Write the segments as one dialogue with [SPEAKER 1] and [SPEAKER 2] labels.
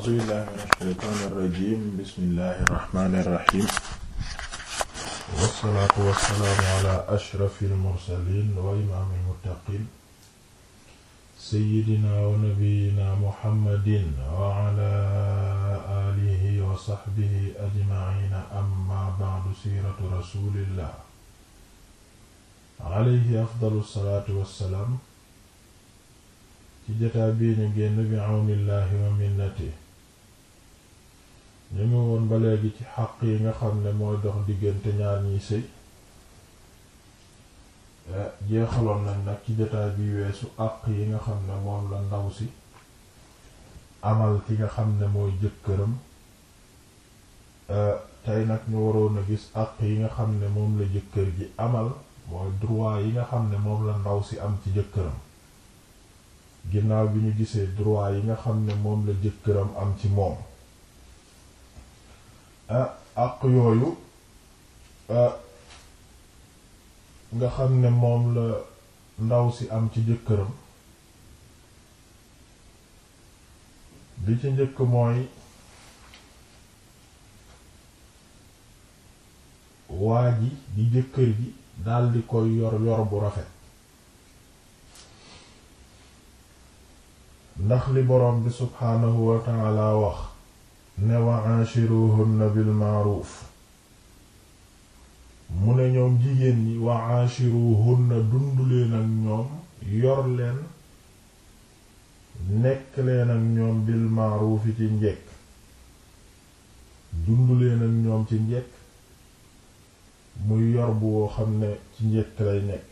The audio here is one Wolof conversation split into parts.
[SPEAKER 1] a'uuzu billaahi mina shaytaani rajiim bismillaahi rahmaani rahiim wassalaatu wassalaamu alaa ashrafil mursaliin wa imaamil muttaqiin sayyidinaa wa nabiyyinaa muhammadin wa alaa aalihi wa sahbihi ajma'iin ammaa ba'du siiratu rasuulillaah alayhi afdalu salaatu wassalaam ci jataa bii ñu génn bi àwnillaahi wa minnati ñu ngi woon ba léegi ci xaq yi nga xam ne mooy dox diggante ñaar ñiy sëy eh, jeexaloon nañ nag ci jotaay bi weesu àq yi nga xam ne moom la ndaw si amal ki nga xam ne mooy jëkkëram eh, tey nag ñu waroon a gis àq yi nga xam ne moom la jëkkër ji amal mooy yi nga xam ne moom la ndaw si am ci jëkkëram ginnaaw bi ñu gisee droit yi nga xam ne moom la jëkkëram am ci moom Ah, àq yooyu ah, nga xam ne moom la ndaw si am ci jëkkëram bi ci njëkk mooy waa ji di jëkkër ji daldi koy yor yor bu rafet ndax li boroom bi subhaanahu wa ta'ala wax ne wa aashiruhunna bil ma'ruf mu ne ñoom jigéen ñi wa aashiruhunna dund leen ak ñoom yor leen nekk leen ak ñoom bil ma'ruf ci njekk dund leen ak ñoom ci njekk muy yor bu woo xam ne ci njekk lay nekk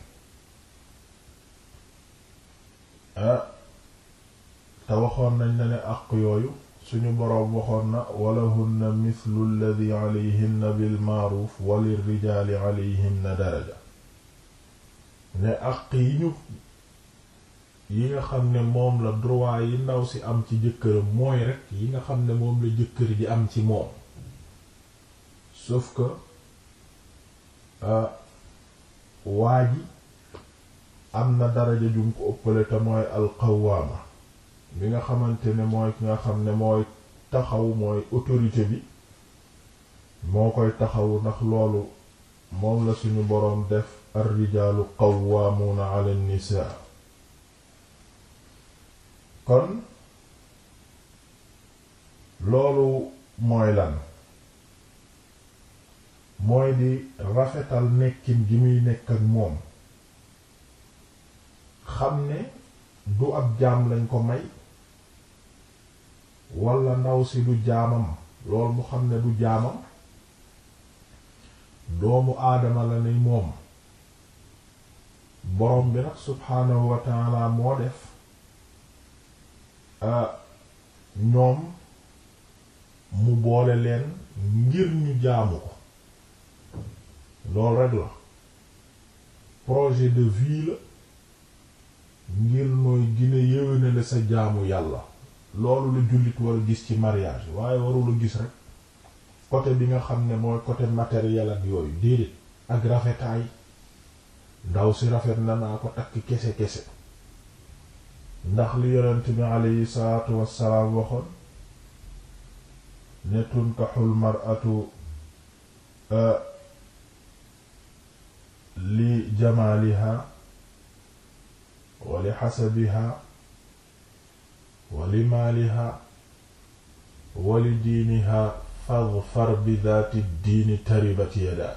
[SPEAKER 1] ah, te waxoon nañ na ne àq yooyu suñu boroom waxoon na walahunna mithlu alladhi alayhinna bil ma'ruf walirrijaali alayhinna daraja ne àq yi ñu yi nga xam ne moom la droit yi ndaw si am ci jëkkëram mooy rek yi nga xam ne moom la jëkkër ji am ci moom sauf ko euh, waa ji am na daraja ju mu ko ëppale te mooy alqawaama bi nga xamante ne mooy ki nga xam ne mooy taxaw mooy autorité bi moo koy taxaw ndax loolu moom la suñu boroom def ar-rijaalu qawwaamuuna ala an-nisaa kon loolu mooy lan mooy di rafetal nekkin gi muy nekk ak moom xam ne du ab jaam lañ ko may wala ndaw si du jaamam lool mu xam ne du jaamam doomu aadama la ni moom borom bi nag subhaanahu moo def ah, ñoom mu boole leen ngir ñu jaamu ko lool rek la projet de vie la ngir nooy gine yéwénale sa jaamu yàlla loolu lu jullit war a gis ci mariage waaye warul gis rek côté bi nga xam ne mooy côté matériel ak yooyu déedéet ak rafetaay ndaw si rafet na naa ko takk kese kese ndax li yonent bi alayhi salaatu wassalaam waxoon ne tunkaxul mar'atu euh, li jamaaliha wa li wali maaliha wali diiniha fadfar bi daati diini taribat yada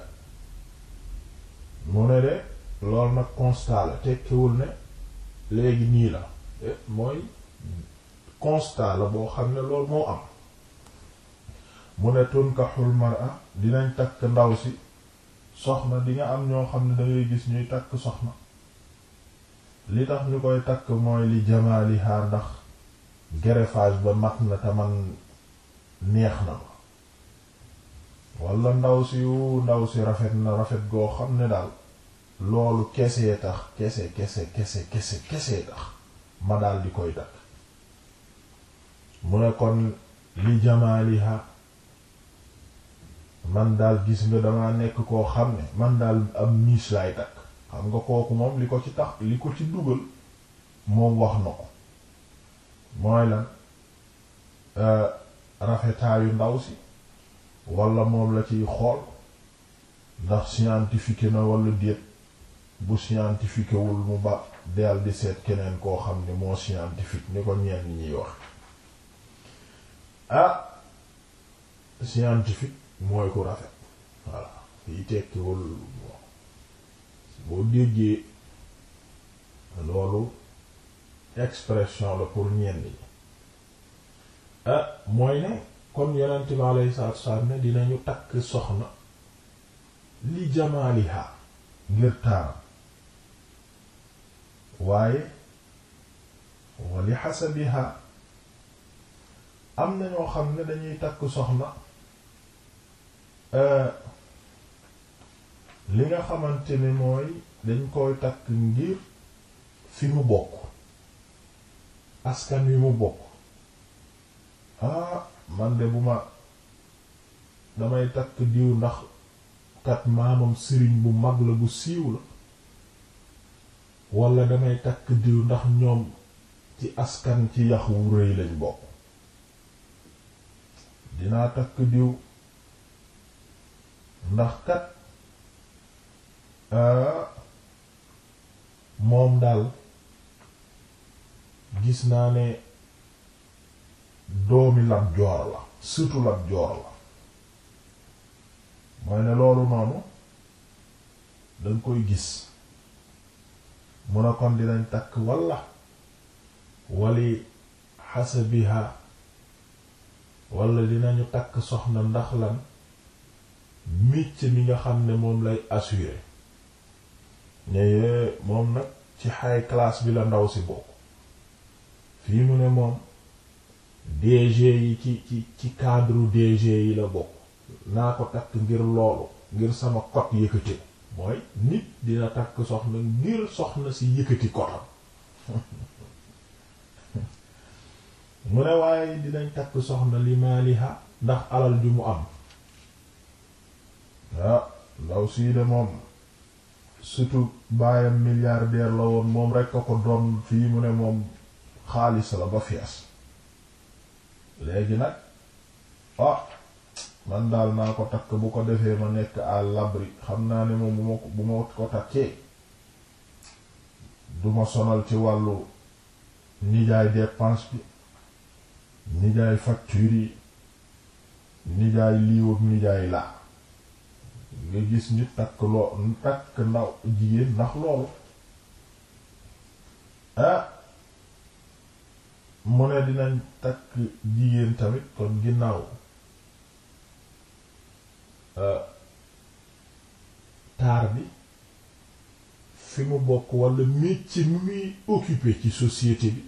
[SPEAKER 1] mu ne de loolu nag constat la tekkiwul ne léegi nii la e, mooy constat la boo xam ne loolu moo am mu ne tunkaxul mar'a dinañ takk ndaw si soxna di nga am ñoo xam ne dangay gis ñuy takk soxna li tax ñu koy takk mooy li jamaaliha ndax greffage ba mat na te neex na ma wala ndaw si yu ndaw si rafet na rafet goo xam ne daal loolu kese tax kese kese kese kese tax ma daal di koy dakk mu ne kon li jamaaliha man daal gis nga dama nekk koo xam ne man daal am miis laay dakk xam nga kooku moom li ko ci tax li ko ci dugal moom wax na ko mooy lan euh, rafetaayu ndaw si wala moom la ciy xool ndax scientifique na wala déet bu scientifique wul mu ba dal di seet keneen koo xam ne moo scientifique ni ko ñenn ñiy wax ah scientifique mooy ku rafet voilà fii tekkiwul boo déggee loolu expression la pour ñenn yi ah, mooy ne kon yonent bi alayhi salaatu wassalaam ne dinañu takk soxna li jamaaliha ngir taaram waaye wali xasabiha am na ñoo xam ne dañuy takk soxna ah, li nga xamante ne mooy dañ koy takk ngir fi mu bokk askan wi mu bokk ah man de bu ma damay takk diw ndax kat maamam sëriñ bu mag la bu siiw la wala damay takk diw ndax ñoom ci askan ci yax wu rëy lañ bokk dinaa takk diw ndax kat ah, moom daal gis naa ne doomi Lat Joor la surtout Lat Joor la mooy ne loolu noonu danga koy gis mun a kon dinañ takk walla wali xasabiha wala dinañu takk soxna ndax lan micc mi nga xam ne moom lay assuré ñaye moom nag ci high class bi la ndaw si bokk fii mu ne moom DG yi ci ci ci cadre DG yi la bokk naa ko takk ngir loolu ngir sama kot yëkkati mooy nit dina takk soxna ngir soxna si yëkkati kotam mu ne waaye dinañ takk soxna li maaliha ndax alal ju mu am ah ndaw sii de moom surtout baayam milliardaire la woon moom rekk a ko doon fii mu ne moom xaalis la ba fees léegi nag ah man daal naa ko takk bu ko defee ma nekk à l'abri xam naa ne moom bu ma bu ma ko takkee duma sonal ci wàllu nijaay dépense bi nijaay facture yi nijaay liiwab nijaay laa nga gis nit takk loo takk ndaw jigéen ndax loolu ah, mu ne dinañ takk jigéen tamit kon ginnaaw euh, taar bi fi mu bokk wala ci mi muy occupé ci société bi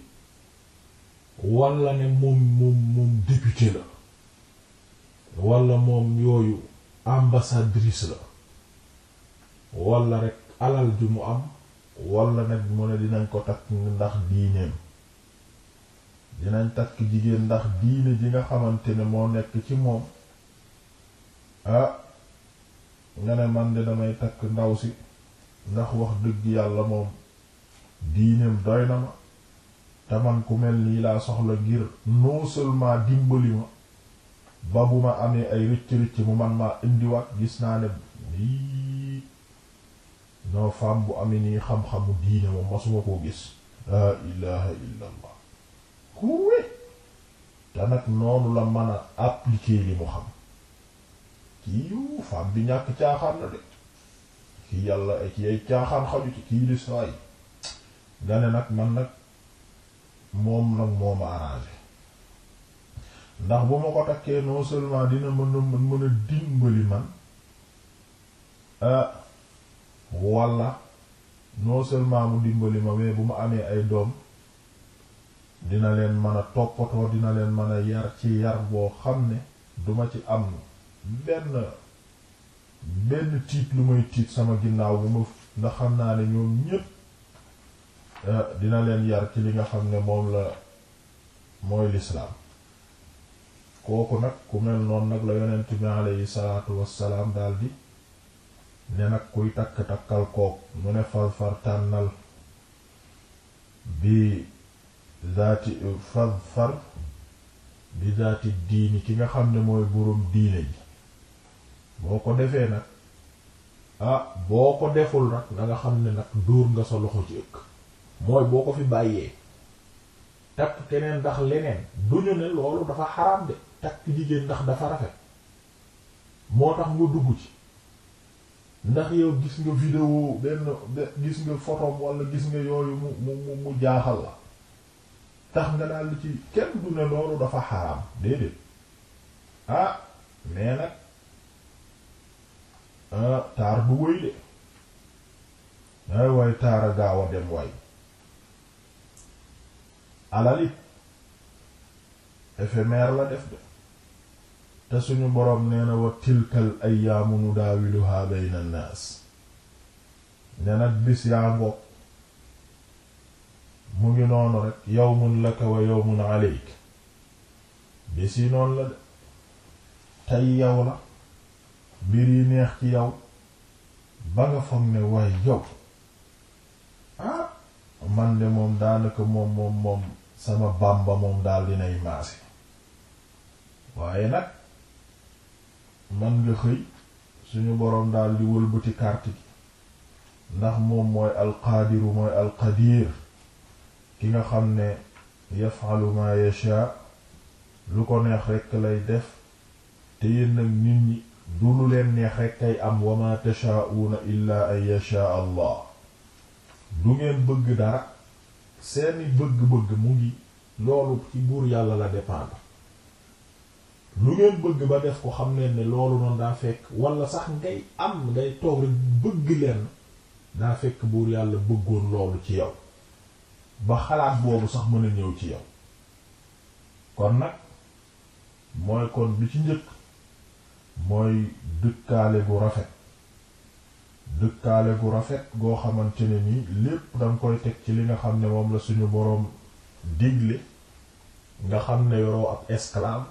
[SPEAKER 1] wala ne moom moom moom député la wala moom yooyu ambassadrice la wala rek alal ju mu am wala nag mu ne dinañ ko takk ndax diineem dinañ takk jigéen ndax diine ji nga xamante ne moo nekk ci moom ah nga ne man de damay takk ndaw si ndax wax dëgg yàlla moom diineem doy na ma te man ku mel nii laa soxla ngir non seulement dimbali ma ba bu ma amee ay rëcc-rëcc mu man maa indiwaat gis naa ne lii noo femme bu amee nii xam-xamu diine moom masuma koo gis laa ilaha illa kuwe te nag noonu la mën a appliquer li mu xam kii yu femme bi ñàkk caaxaan la de kii yàlla ak yay caaxaan xaju ci kii di saa yi nag man nag moom nag moo ma arrangé ndax bu ma ko takkee non seulement dina mën a mën a dimbali man ah walla non seulement mu dimbali ma mais bu ma amee ay doom. dina leen mën a toppatoo dina leen mën a yar ci yar boo xam ne duma ci am benn benn tiit lu may tiit sama ginnaaw bu ma ndax xam naa ne ñoom ñépp euh, dina leen yar ci li nga xam ne moom la mooy lislaam kooku nag ku mel noonu nag la yonent bi aleyhi salaatu wassalaam daldi ne nag kuy takk takkal kook mu ne far tànnal bi zaati fadfar bi zaati diini ki nga xam ne mooy boroom diine ji boo ko defee nag ah boo ko deful nag na nga xam ne nag dóor nga sa loxo ci ëkk mooy boo ko fi bàyyee takk keneen ndax leneen du ñu ne loolu dafa xaraam de takk jigéen ndax dafa rafet moo tax nga dugg ci ndax yow gis nga vidéo benn gis nga photo wala gis nga yooyu mu mu mu jaaxal la tax nga daal ci kenn du ne loolu dafa xaraam déedéet ah mais ah, taar du wëy de ay eh, waay taar gaaw a dem waay alali éphémère la def de te suñu boroom nee na wa tilkal ayyaamu nudaawiluhaa bayna an-naas nee bis yaa ngoog mu ngi noonu rek yawmun laka wa yawmun aleyk bés yi noonu la de tey yow la mbir yi neex ci yow ba nga foog ne waaye yow ah man de moom daanaka moom moom moom sama bàmba moom daal dinay maase waaye nag man nga xëy suñu boroom daal di wëlbati carte gi ndax moom mooy alqaadiru mooy alqadir ki nga xam ne yafalu ma yasha lu ko neex rekk lay def te yéen nag nit ñi du lu leen neex rekk ay am wa ma tashaa'uuna illaa an yasha allah du ngeen bëgg dara seeni bëgg-bëgg mu ngi loolu ci buur yàlla la dépendre lu ngeen bëgg ba def ko xam ne ni loolu noonu daa fekk wala sax ngay am ngay toog rekk bëgg leen daa fekk buur yàlla bëggoon loolu ci yow ba xalaat boobu sax mën a ñëw ci yow kon nag mooy kon bi ci njëkk mooy dëkkaale bu rafet dëkkaale bu rafet goo xamante ne nii lépp danga koy teg ci li nga xam ne moom la suñu boroom digle nga xam ne yoroo ab esclave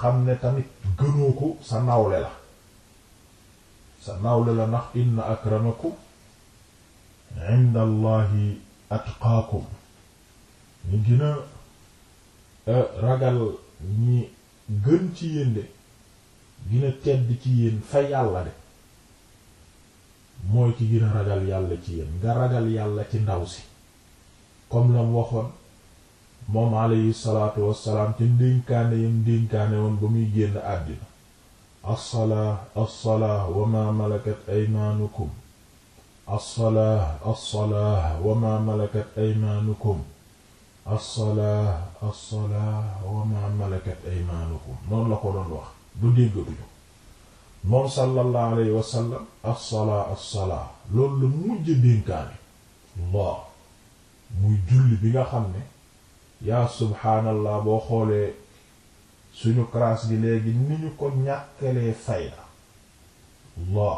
[SPEAKER 1] xam ne tamit gënoo ko sa nawle la sa nawle la ndax inna akramakum inda allahi atqaakum ñi gën ragal ñi gën ci yéen de gën a tedd ci yéen fa yàlla de mooy ci gën ragal yàlla ci yéen nga ragal yàlla ci ndaw si comme lam waxoon moom alayhi salaatu wassalaam te ndénkaane yam ndénkaane woon ba muy génn àddina as-salaa as aymaanukum alsolaa alsolaa wama malakat aymaanukum alsolaa la ko doon wax du déggatuñu moom sallallahu alayhi wasallam muy julli bi nga xam ne yaa subhaanallah boo xoolee suñu classe gi léegi ni ñu ko ñàkkalee fayda Allah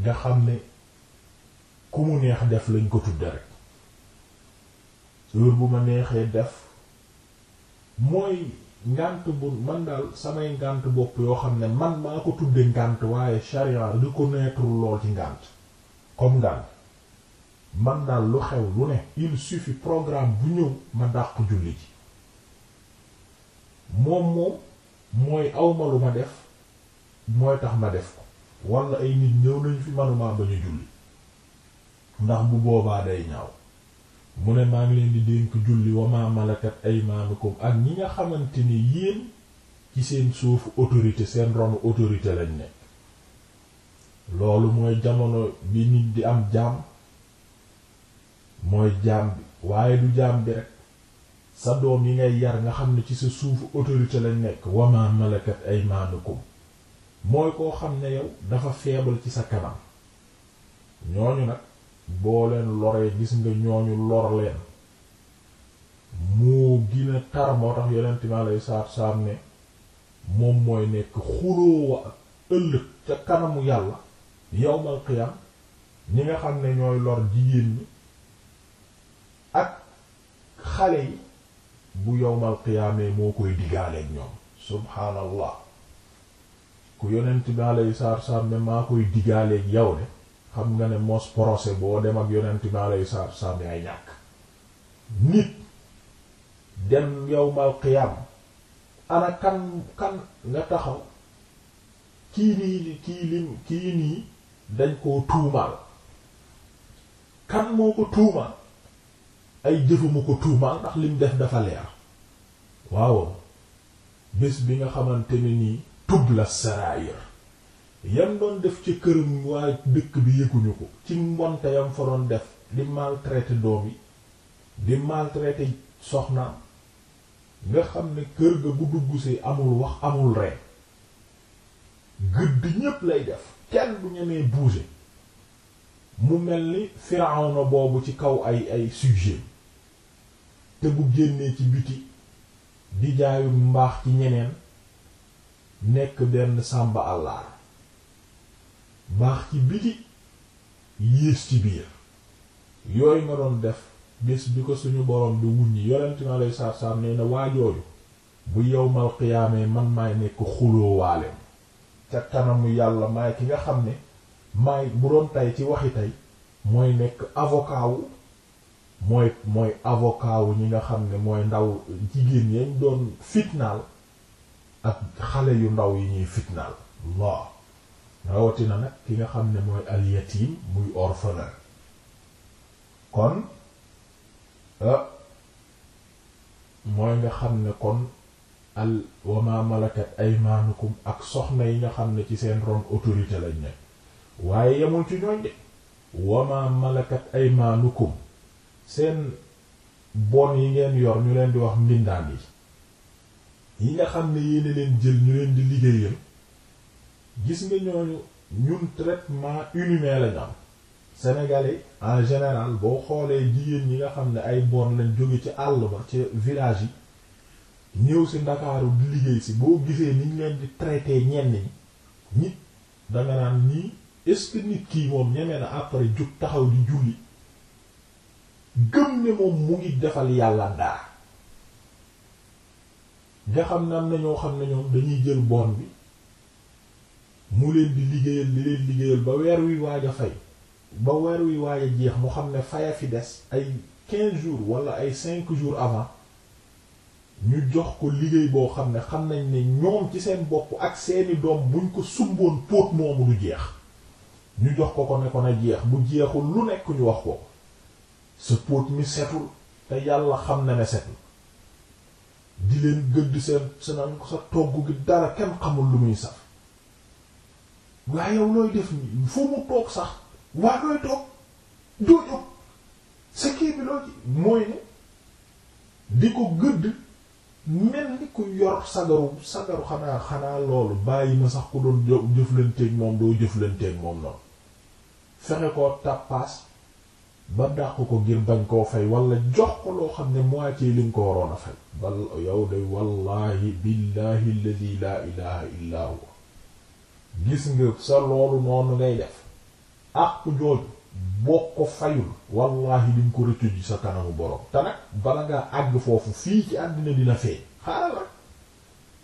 [SPEAKER 1] nga xam ne ku mu neex def lañ ko tudde rek heure bu ma neexee def mooy ngànt bu man daal samay ngànt bopp yoo xam ne man maa ko tuddee ngànt waaye ko reconnaître lool ci ngànt comme ngànt man daal lu xew lu ne il suffit programme bu ñëw ma dàq julli ji moom moom mooy awma lu ma def mooy tax ma def ko walla ay nit ñëw nañ fi manuma ba ñu julli ndax bu boobaa day ñaaw mu ne maa ngi leen di dénk julli wa ma malakat ak ñi nga xamante ni yéen ci seen suufu autorité seen ronu autorité lañ nekk loolu mooy jamono bi nit di am jaam mooy jaam bi waaye du jaam bi rek sa doom yi ngay yar nga xam ne ci sa suufu autorité lañ nekk wa ay malakat aymaanukum mooy koo xam ne yow dafa faible ci sa kanam ñooñu nag boo leen loree gis nga ñooñu lor leen moo gina tar moo tax yonent mi alayhi salaatu salaam ne moom mooy nekk xulóowa ëllëg ca kanamu yàlla yawmal qiyaam ñi nga xam ne ñooy lor jigéen ñi ak xale yi bu yawmal qiyaamee moo koy digaaleeg ñoom subhaanallah ku yonent bi alayhi salaatu salaam ne maa koy digaaleeg yow de xam nga ne mos procès boo dem ak yonent bi alayhi salaatu salaam yaay ñàkk nit dem yawmal qiyaam ana kan kan nga taxaw kii nii kii li kii nii dañ koo tuumaal kan moo ko tuumaal ay jëfuma ko tuumaal ndax lim def dafa leer waaw bis bi nga xamante ni nii tub la saraayir yam doon def ci këram waa dëkk bi yëguñu ko ci mbonte yam fa doon def di maltraiter doom yi di maltraiter soxnaam nga xam ne kër ga bu dugg amul wax amul ree gëdd ñépp lay def kenn bu ñemee bouger mu mel ni Firawna boobu ci kaw ay ay sujet te bu génnee ci biti di jaayu mbaax ci ñeneen nekk benn sàmba àllaar baax ci biti yées ci biir yooyu ma doon def bés bi ko suñu borom di wuññi yonent ma lay saar saar nee na waajooyu bu yowmal xiyaamee man maay nekk xuloowaale ca kanamu yàlla maay ki nga xam ne maay bu doon tay ci waxi tey mooy nekk avocat mooy mooy avocat ñi nga xam ne mooy ndaw jigéen yañ doon fitnaal ak xale yu ndaw yi ñuy fitnaal waaw rawatina nag ki nga xam ne mooy al yatim muy orphelin kon ah mooy nga xam ne kon al wama malakat aymaanukum ak soxna yi nga xam ne ci seen ron autorité lañ nekk waaye yemul ci ñooñ de wama malakat aymaanukum seen bon yi ngeen yor ñu leen di wax mbindaan yi yi nga xam ne yéen leen jël ñu leen di liggéeyal gis nga ñooñu ñun traitement inhumain lañ am sénégalais en général boo xoolee jigéen ñi nga xam ne ay bon lañ jóge ci àll ba ci village yi ñëw si ndakaaru di liggéey si boo gisee niñ leen di traité ñenn ñi nit danga naan nii est nit kii moom ñeme na après jug taxaw di julli gëm ne moom mu ngi defal yàlla dara nga xam na ñoo xam ne ñoom dañuy jël born bi mu leen di liggéeyal di leen liggéeyal ba weer wi waaj a ba weer wi waaj jeex mu xam ne faya fi des ay quinze jours wala ay cinq jours avant ñu jox ko liggéey boo xam ne xam nañ ne ñoom ci seen bopp ak seeni doom buñ ko sumboon póot moomu du jeex ñu jox ko ko ne ko na jeex bu jeexul lu nekk ñu wax ko sa póot mi setul te yàlla xam na ne setul di leen gëdd seen sa togg gi dara kenn xamul lu muy saf waa yow looy def nii foo mu toog sax waa looy toog doo jóg sa kii bi loo mooy ne di ko gëdd mel ni ku yor sagaru sagaru xanaa xanaa loolu bàyyi ma sax ko doon jëflanteeg moom doo jëflanteeg moom noonu fexe ko tàppaas ba dàq ko ngir bañ koo fay wala jox ko loo xam ne moitié li nga ko waroon a fay bal yow de wallahi billahi alladhi la ilaha gis nga sa loolu noonu ngay def àqu jooju boo ko fayul wallahi liñ ko rëccu ji sa kanamu borom te bala ngaa àgg foofu fii ci àddina dina feeñ xaaral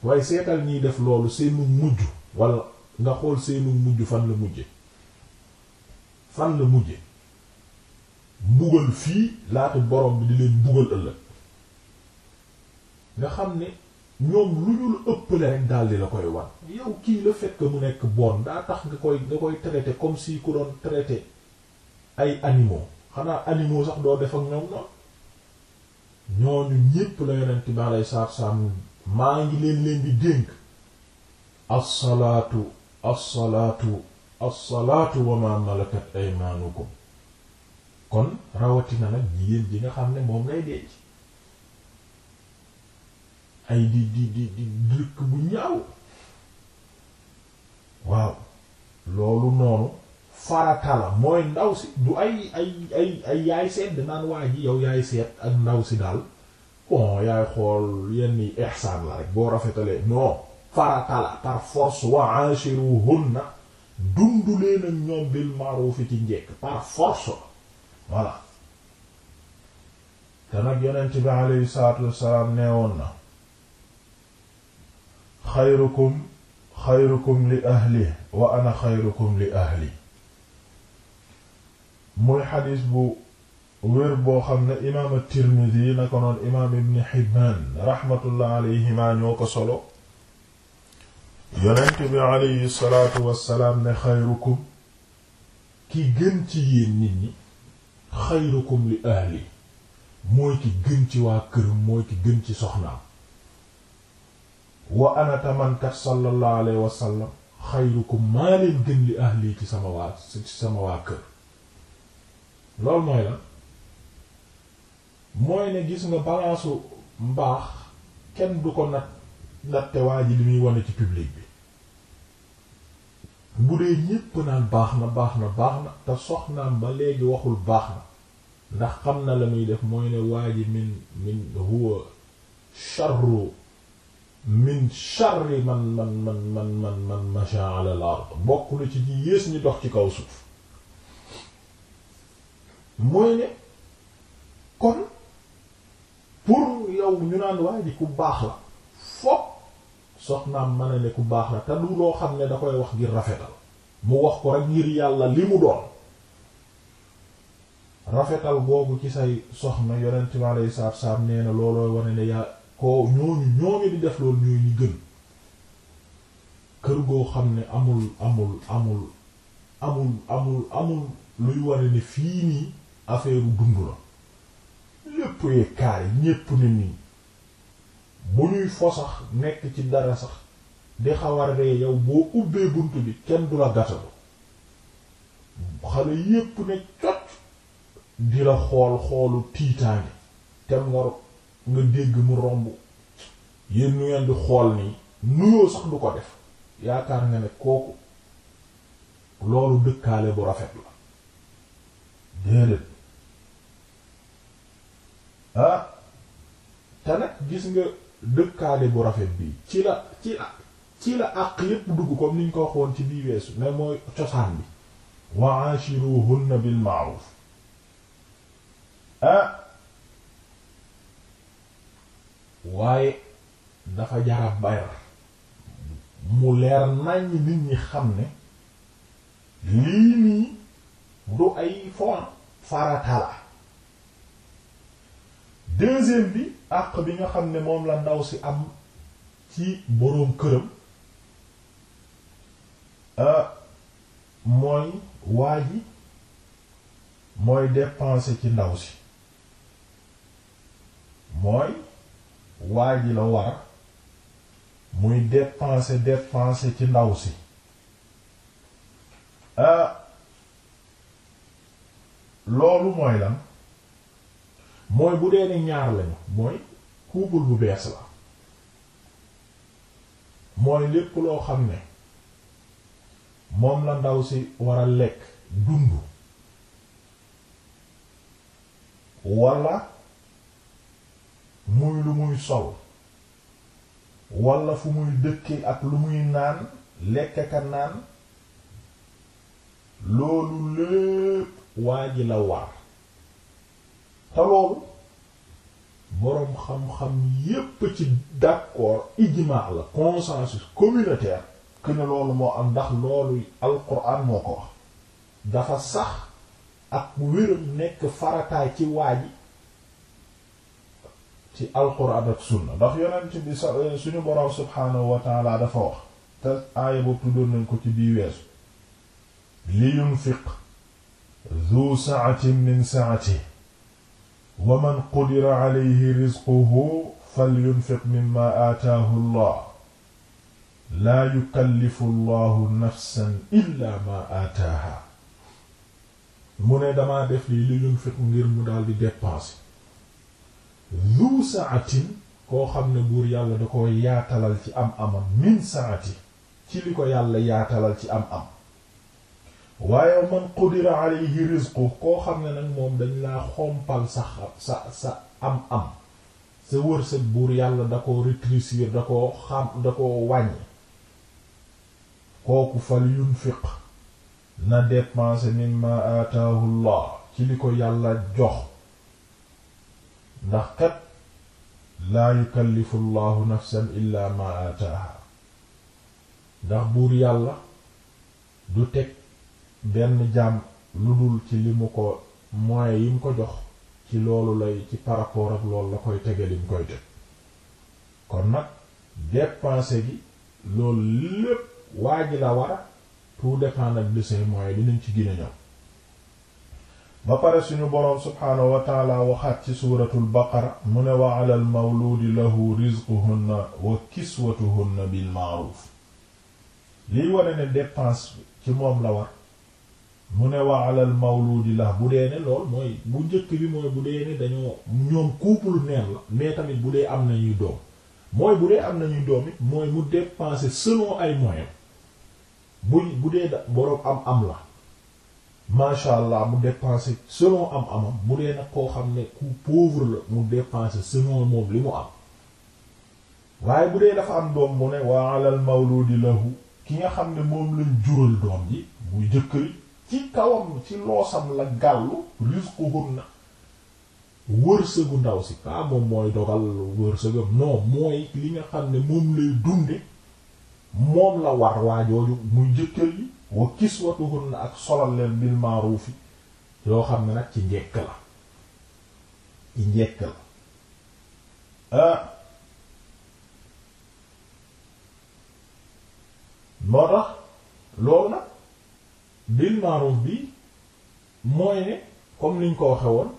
[SPEAKER 1] waaye seetal ñiy def loolu seenu mujj wala nga xool seenu mujj fan la mujje fan la mujje mbugal fii laata boroom bi di leen mbugal ëllëg nga xam ne ñoom lu ñu la ëppale rek di la koy wan yow kii le fait mu nekk bon daa tax nga koy nga koy traiter comme si ku doon traiter ay animaux xanaa animaux sax doo def ak ñoom noonu ñooñu ñépp la yonent bi alei saatu maa ngi leen leen di dénk as-salaatu as-salaatu as-salaatu wa ma malakat aymanukum kon rawatina nag jigéen ji nga xam ne moom ngay denc ay di di di di dëkk bu ñaaw waaw loolu noonu farata la mooy ndaw si du ay ay ay ay yaay seet danaan waa ji yow yaay seet ak ndaw si daal bon yaay xool yenn ihsaan la rek boo rafetalee non farata la par force wa ashiruhunna dundu leen ak ñoom bil ma'ruf ci njekk par force voilà te nag yonent bi alayhi salaatu wassalaam nee woon na xayrukum xayrukum li ahli wa ana xayrukum li muy xadis bu wér boo xam ne imaam at-Tirmidhi na ko noon Ibn Hibbaan raxmatullah alayhima ñoo ko solo yonent bi alayhi salaatu wassalaam ne xayrukum ki gën ci yéen nit ñi xayrukum li ki gën ci waa ki gën ci wa anata mankat sallallahu alayhi wa sallam xayrukum maa leen gën li ahli ci sama waa ci sama waa kër loolu mooy la mooy ne gis nga balance mbaax kenn du ko nat natte waa ji li muy wane ci public bi bu dee ñépp naan baax na baax na baax na te naan ba léegi waxul baax na ndax xam na la muy def mooy ne waa ji min min huwa sharru min sharri man man man man man man masha ala al-ard bokk na ci di yées ñi dox ci kaw suuf mooy ne kon pour yow ñu naan waaye di ku baax la foog soxnaam ma ne ne ku baax la te du loo xam ne da koy wax ngir rafetal mu wax ko rek ngir yàlla li mu doon rafetal boobu ci say soxna yonent bi alayhi salaatu salaam nee loolooy wane ne yaa ko ñooñu ñooñu di def loolu ñooy ñi gën kër goo xam ne amul amul amul amul amul amul luy wane ne fii nii affaire dund la lépp yee kaay ñépp ne nii ñuy fo nekk ci dara sax di xawar ree yow boo ubbee bunt bi kenn du la gatalu xale yépp ne cot di la xool xoolu tiitaange te ngor nga dégg mu romb yéen ñu di xool nii nuyoo sax du ko def yaakaar nga ne kooku loolu dëkkaale bu rafet la déedéet ah te nag gis nga dëkkaale bu rafet bi ci la ci la ci la àq yépp dugg comme niñ ko waxoon ci bii weesu ne mooy cosaan bi wa ashiruhunna bil ma'ruf ah waaye dafa jara bayar mu leer nañ nit ñi xam ne lii nii du ay fon farata la bi àq bi nga xam ne moom la ndaw si am ci boroom këram euh, mooy waa ji mooy dépenser ci ndaw si mooy waa ji la war muy dépenser dépenser ci ndaw si ah loolu mooy lan mooy bu dee ni ñaar lañu mooy couple bu bees la mooy lépp loo xam ne moom la ndaw si war a lekk dund walla muy lu muy sol walla fu muy dëkkee ak lu muy naan lekk ka naan loolu lépp waa ji la war te loolu boroom xam-xam yépp ci d'accord ijmaa la consensus communautaire que loolu moo am ndax loolu alquran moo ko wax dafa sax ak wéram nekk farataay ci waa ji ci alquran ak sunna ndax yonent bi eh, suñu boroom subhaanahu wa taala dafa wax te aaya boobu tuddoon nañ ko ci bii weesu li yunfiq zu sa'atin min sa'atihi wa man qudira alayhi rizquhu falyunfiq mimma aataahu allah laa yukallifu allahu nafsan illa ma aataaha mu ne damaa def lii li yunfiq ngir mu daal di dépenser zu koo xam ne buur yàlla da ko yaatalal ci am amam min saati ci li yàlla yaatalal ci am waaye man qudira koo xam ne nag moom dañ laa xompal sa sa am am sa wërsëg buur yàlla da ko rétrécir da ko xam da ko wàññi kooku fal na dépenser mimma ataahu Allah ci li ko yàlla jox ndax kat laa yukallifu allahu illa ma ataaha ndax buur yàlla du teg benn jaam lu dul ci li mu ko moyens yi mu ko jox ci loolu lay ci par rapport ak loolu la koy tege lim koy teg kon nag dépenser gi loolu lépp waa ji la wara tout dépend nag de ses moyens dinañ ci gën a ba pare suñu boroom subhaanahu wa waxaat ci suuratul baqara mu wa alal mawluudi lahu wa kiswatuhunna ci moom la war mu ne wa alal mawluudi bu dee ne bu njëkk bi bu dee ne mais tamit bu dee am nañuy doom mooy bu dee am nañuy doom it mooy mu dépenser ay bu dee da boroom am am la macha allah mu dépenser selon am amam bu dee nag koo xam ne ku pauvre la mu dépenser selon moom li mu am waaye bu dee dafa am doom mu ne wa alal mawludi lahu ki nga xam ne moom lañ jural doom ji muy jëkkëri ci kawam ci loosam la gàllu rizquhun na wërsëgu ndaw si pas ah, moom mooy dogal wërsëgam non mooy li nga xam ne moom lay dunde moom la war waajooju muy jëkkër yi wa na ak solal leen bil ma'rufi yoo xam ne nag ci njekk la ci njekk la ah moo loolu nag bil ma'ruf bi mooy ne comme liñ ko waxe woon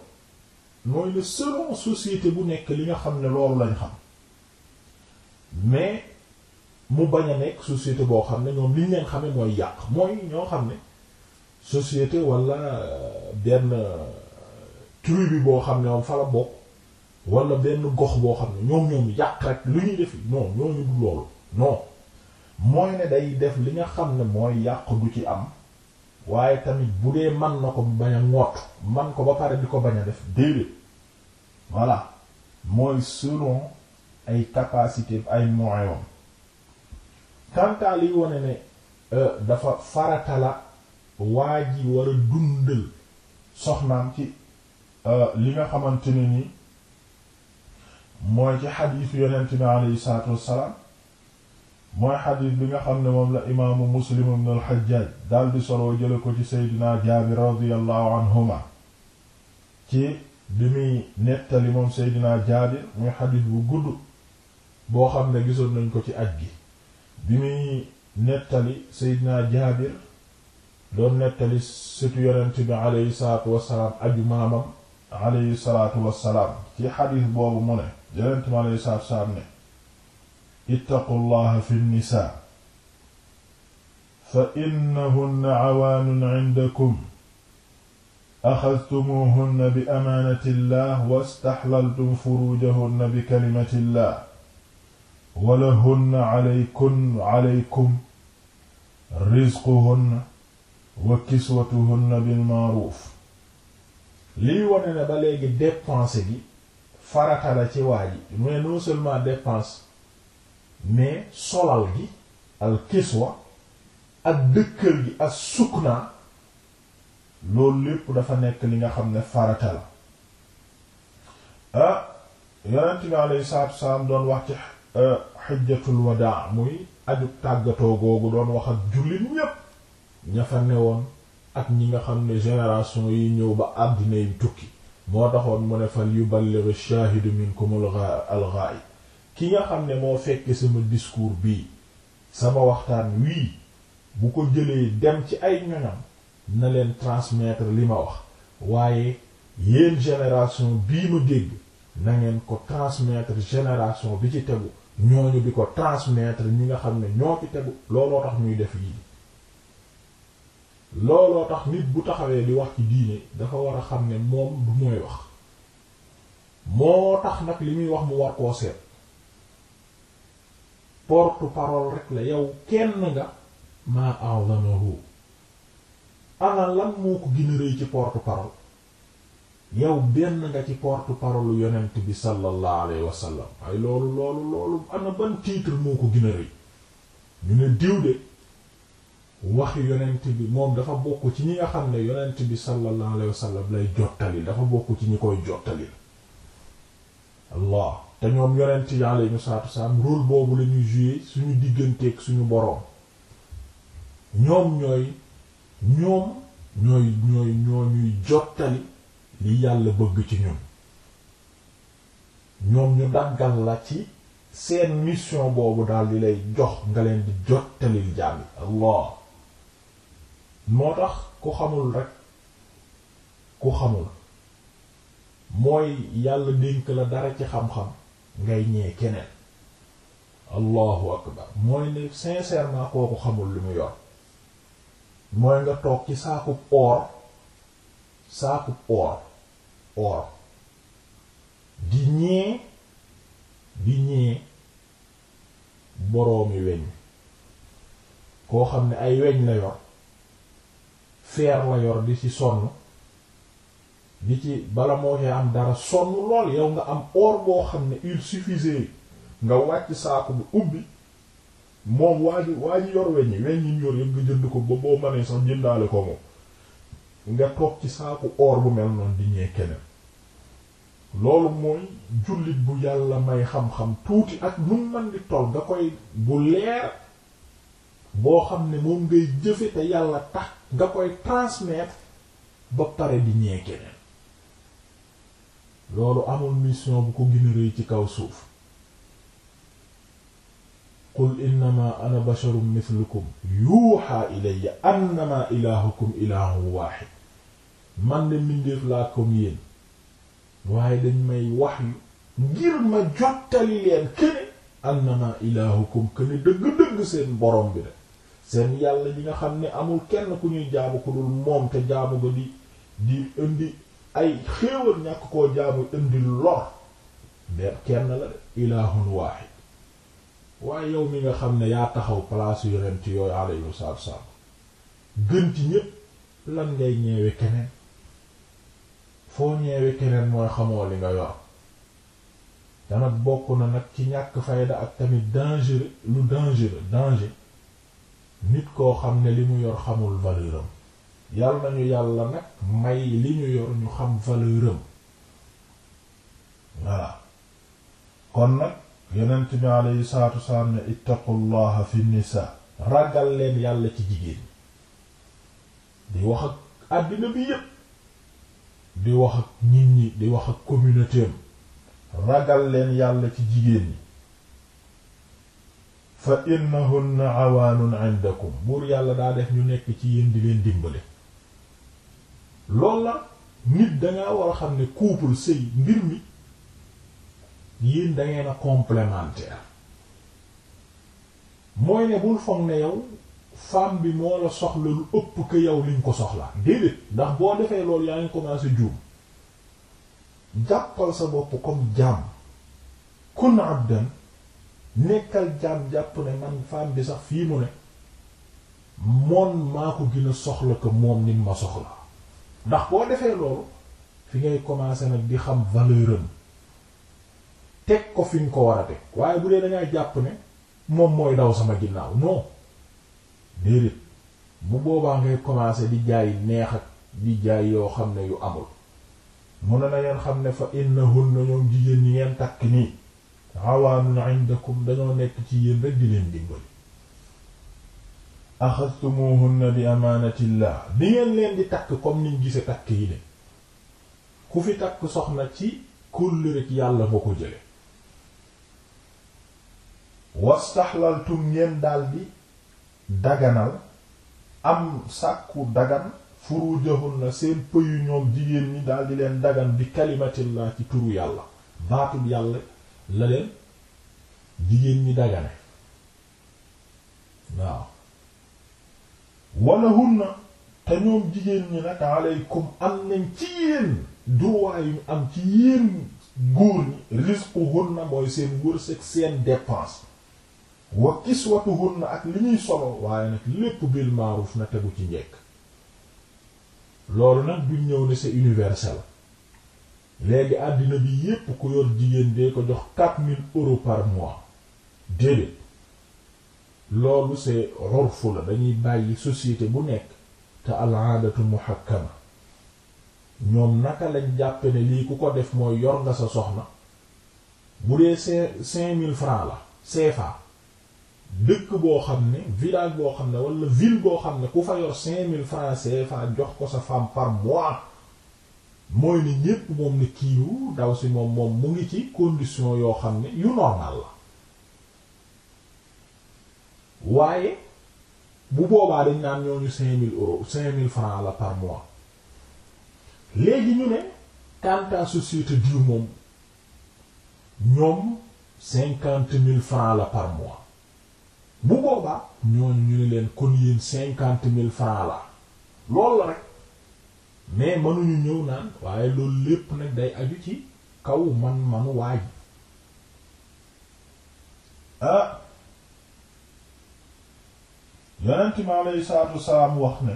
[SPEAKER 1] mooy ne selon société bu nekk li nga xam ne loolu lañ xam mais mu bañ a nekk société boo xam ne ñoom liñ leen xame mooy yàq mooy ñoo xam ne société wala euh, benn euh, tribu boo xam ne moom fa la bokk benn gox boo xam ne ñoom ñoom yàq rek lu ñuy defi non ñooñu du loolu non mooy ne day def li nga xam ne mooy yàq du ci am waaye tamit bu dee man na ko bañ a man ko ba pare di ko bañ def déedéet voilà mooy selon ay capacité ay moyens kantaa yi wone ne euh, dafa farata la waa ji war a dundal soxnaam ci euh, li nga xamante ne ni mooy ci xadiisu yonent bi aleyhi salaatu wassalaam mooy xadiis bi nga xam ne moom la imaamu muslim ibn al-Hajjaj daldi soloo jële ko ci seydina jaabir radiyallahu anhuma ci bi muy nettali moom seydina jaabir muy xadiis bu gudd boo xam ne gisoon nañ ko ci aj gi bi muy nettali Seydina Jaabir doon nettali sëtu yonent bi aleyhi salaatu wassalaam aju maamam aleyhi salaatu wassalaam ci xadiis boobu mu ne yonent bi aleyhi salaatu wassalaam ne ittaqullaha fi nisaa fa innahunna awaanun indakum axadtumuhunna bi amaanatillah wastaxlaltum furujahunna bi kalimatillah walahunna alaykum alaykum rizquhunna wa kiswatuhunna bil ma'ruf lii wone ne ba léegi dépense gi farata la ci waa ji mais non seulement dépense mais solal gi al kiswa ak dëkkal gi ak sukna loolu lépp dafa nekk li nga xam ne farata la ah yonent doon wax ci Euh, xijjatul wadaa muy aju tàggatoo googu doon wax ak jullit ñépp ña fa newoon ak ñi nga xam ne génération yi ñëw ba àddina yi tukki moo taxoon mu ne fal yuballigh ash-shahidu minkum al-ghaib ki nga xam ne moo fekke sama discours bii sama waxtaan wii bu ko jëlee dem ci ay ñoñam na leen transmettre li ma wax waaye yéen génération bii ma dégg na ngeen ko transmettre génération bi ci tegu ñooñu di ko transmettre ñi nga xam ne ñoo ci tegu looloo tax ñuy def yii looloo tax nit bu taxawee li wax ci diine dafa war a xam ne moom du mooy wax moo tax nag li muy wax mu war koo seet porte-parole rek la yow kenn nga maa a'zamahu ana lan moo ko gën a rëy ci porte-parole yow benn nga ci porte parole yonent bi sallallahu alayhi wa sallam ay loolu loolu loolu ana ban titre moo ko gën a rëy ñu ne diw de waxi yonent bi moom dafa bokk ci ñi nga xam ne yonent bi sallallahu alayhi wa sallam lay jottali dafa bokk ci ñu koy jottali allah te ñoom yonent yi alayhi salaatu wasallam rôle boobu la ñuy jouer suñu digganteeg suñu boroom ñoom ñooy ñoom ñooy ñooy ñoo ñuy jottali li yàlla bëgg ci ñun ñoom ñu daggal la ci seen mission boobu daal di lay jox nga leen di jottalil jàmm allah moo tax ku xamul rek ku xamul mooy yàlla dénk la dara ci xam-xam ngay ñee keneen allahu akbar mooy ne sincèrement kooku xamul li mu yor mooy nga toog ci saakub oor saakub oor or di ñee di ñee boroomi weñ koo xam ne ay weñ la yor feer la yor di ci sonn di ci bala moo ci am dara sonn lool yow nga am or boo xam ne il suffisait nga wàcc saako bu ubbi moom waa ji yor weñ yi weñ yi yor yëpp nga jënd ko ba boo mënee sax jëndaale ko moom nga toog ci saako or bu mel noonu di ñee keneen loolu mooy jullit bu yàlla may xam-xam tuuti ak nu man di toll da koy bu leer boo xam ne moom ngay jëfe te yàlla tax nga koy transmettre ba pare di ñee keneen loolu amul mission bu ko gën a rëy ci kaw suuf qul innama ana basharun mithlukum yuuxa ilayya annama ilahukum ilahun wahid man de mindeef laa comme yéen waaye dañ may wax ngir ma jottali leen kene annama ilahukum kene dëgg-dëgg seen borom bi de seen yàlla yi nga xam ne amul kenn ku ñuy jaamu ku dul moom te jaamu ko di di indi ay xéewal ñàkk koo jaamu indi lor de kenn la de ilahun wahid waaye yow mi nga xam ne yaa taxaw place yu ci yooyu alayhi wasallam gën ci ñépp lan ngay ñeewe keneen foo ñeewe keneen mooy xamoo li nga yor te bokk na nag ci ñàkk fayda ak tamit danger lu danger danger nit koo xam ne li mu yor xamul valeur am yàlla nañu yàlla nag may li ñu yor ñu xam valeur am voilà kon nag yonent bi alayhi salaatu wasalaam ne ittaqullaha fi nisa ragal leen yàlla ci jigéen di wax ak àddina bi yépp di wax ak nit ñi di wax ak communauté am ragal leen yàlla ci jigéen ñi fa innahunna awaanun indakum buur yàlla daa def ñu nekk ci yéen di leen dimbale loolu la nit dangaa war a xam ne couple sëy mbir mi yéen dangeen a complémentaire mooy ne bul foog ne yow femme bi moo la soxla lu ëpp que yow liñ ko soxla déedéet ndax boo defee loolu yaa ngi commencé juum jàppal sa bopp comme jaam kun abdan nekkal jaam jàpp ne man femme bi sax fii mu ne moom maa ko gën soxla ko moom nit ma soxla ndax boo defee loolu fi ngay commencé nag di xam valeur teg ko fi nga ko war a waaye bu dee dangaa jàpp ne moom mooy daw sama ginnaaw non déedéet bu boobaa ngay commencer di jaay neex di jaay yoo xam ne yu amul mu ne na xam ne fa innahunna ñoom jigéen ñi ngeen takk nii awaanun indakum dañoo nekk ci yéen rek di leen dimbali axastumuhunna bi amaanatillah bi ngeen leen di takk comme niñ gise takk yi de ku fi takk soxna ci kóllëre rek yàlla nga ko jële wastaxlaltum ngeen daldi daganal am sàkku dagan furujahun na seen pëyu ñoom jigéen ñi daal leen dagan bi kalimatillah ci turu yàlla baatul yàlla la leen jigéen ñi dagane waaw wala hun na te ñoom jigéen ñi nag aleykum am nañ ci yéen droit am ci yéen góor ñi risque hun na mooy seen wërsëg seen dépense wa kiswatuhunna ak li ñuy solo waaye nag lépp bil ma'ruf na tegu ci njekk loolu nag duñ ñëw ne c'est universel léegi àddina bi yépp ku yor jigéen dee ko jox 4000 euros par mois déedéet loolu c'est urfu la dañuy bàyyi société bu nekk te al-aadatu muhakkama ñoom naka lañ jàppe lii ku ko def mooy yor nga sa soxna bu dee cinq mille francs la CFA dëkk boo xam ne village boo xam ne wala ville boo xam ne ku fa yor cinq mille francs CFA jox ko sa femme par mois mooy ni ñépp moom ni kiiwu daw si moom mu ngi ci condition yoo xam ne yu normal la waaye bu boobaa dañ naan ñooñu cinq mille euros cinq mille francs la par mois léegi ñu ne cinquante mille francs la par mois bu boobaa ñooñu ñu ne leen kon yéen cinquante mille francs la loolu la rek mais mënuñu ñëw naan waaye loolu lépp nag day aju ci kaw man manu waaj ah yonent mi salaatu wasalaam wax ne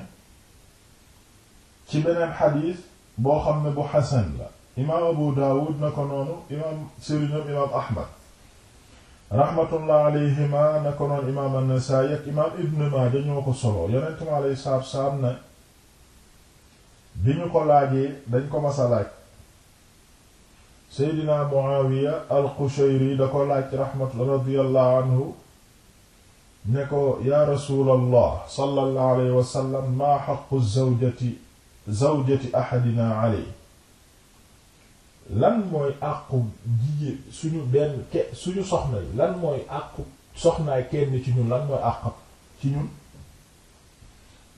[SPEAKER 1] ci beneen xadiis boo xam ne bu xasan la imaam Abu Daawud na ko noonu imaam sëriñam imaam Ahmad rahmatullah alayhima na ko noon imaam an-Nasaa'i ak imaam Ibn Maaja ñoo ko solo yonent mi alayhi salaatu salaam ne bi ñu ko laajee dañ ko mas a laaj Seydina Muawiya al-Qushayri da ko laaj rahmat radiyallahu anhu ne ko yaa rasuulallah sallallahu alayhi wa sallam maa haqqu zawjati zawjati ahadina alayhi lan mooy àqu jigéen suñu benn ke suñu soxna yi lan mooy àqu soxnaay kenn ci ñun lan mooy àqab ci ñun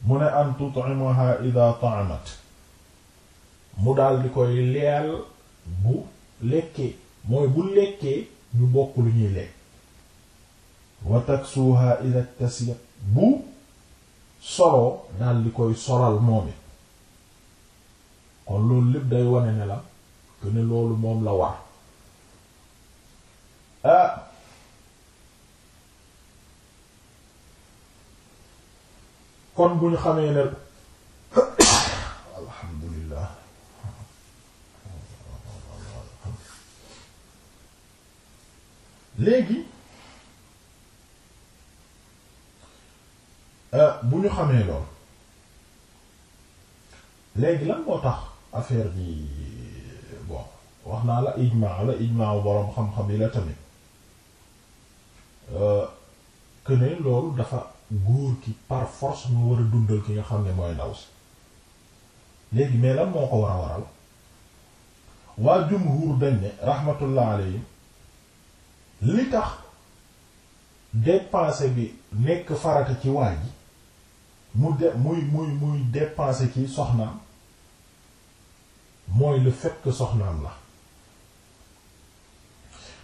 [SPEAKER 1] mu ne an tut'imaha idha ta'amat mu daal koy leel bu lekkee mooy bu lekkee ñu bokk lu ñuy lekk wa taksuha idha tasiyat bu soloo daal di koy solal moom it kon loolu lépp day wane ne que ne loolu moom la wax ah kon bu ñu xamee ne alhamdulillah léegi ah, bu ñu xamee lool léegi lan moo tax affaire bi bon wax naa la ijmaa la ijmaa boroom xam-xam yi la tamit euh, que loolu dafa góor ki par force mu war a dundal ki nga xam ne mooy ndaw si léegi mais lan moo ko war a waral waa jumhur dañ ne rahmatullah alayhi li tax dépense bi nekk farata ci waa ji mu de muy muy muy dépense ci soxnaam mooy le fait que la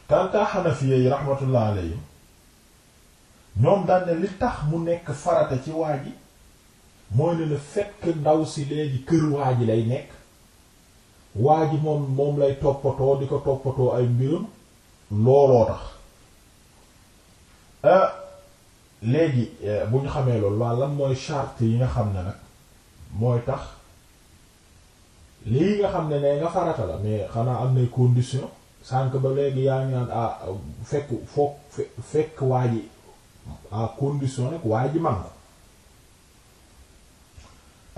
[SPEAKER 1] kanta xanafiya yi rahmatullah alayhim ñoom daan ne li tax mu nekk farata ci waa ji mooy ne le fait ndaw si léegi kër waa ji lay nekk waa ji moom moom lay toppatoo di ko toppatoo ay mbiram looloo tax euh, léegi euh, bu ñu xamee loolu waa lan mooy charte yi nga xam ne nag mooy tax lii nga xam ne nee nga farata la mais xanaa am nay condition sànq ba léegi yaa ngi ah, fekk foog fekk waa ji à condition rek waa ji man ko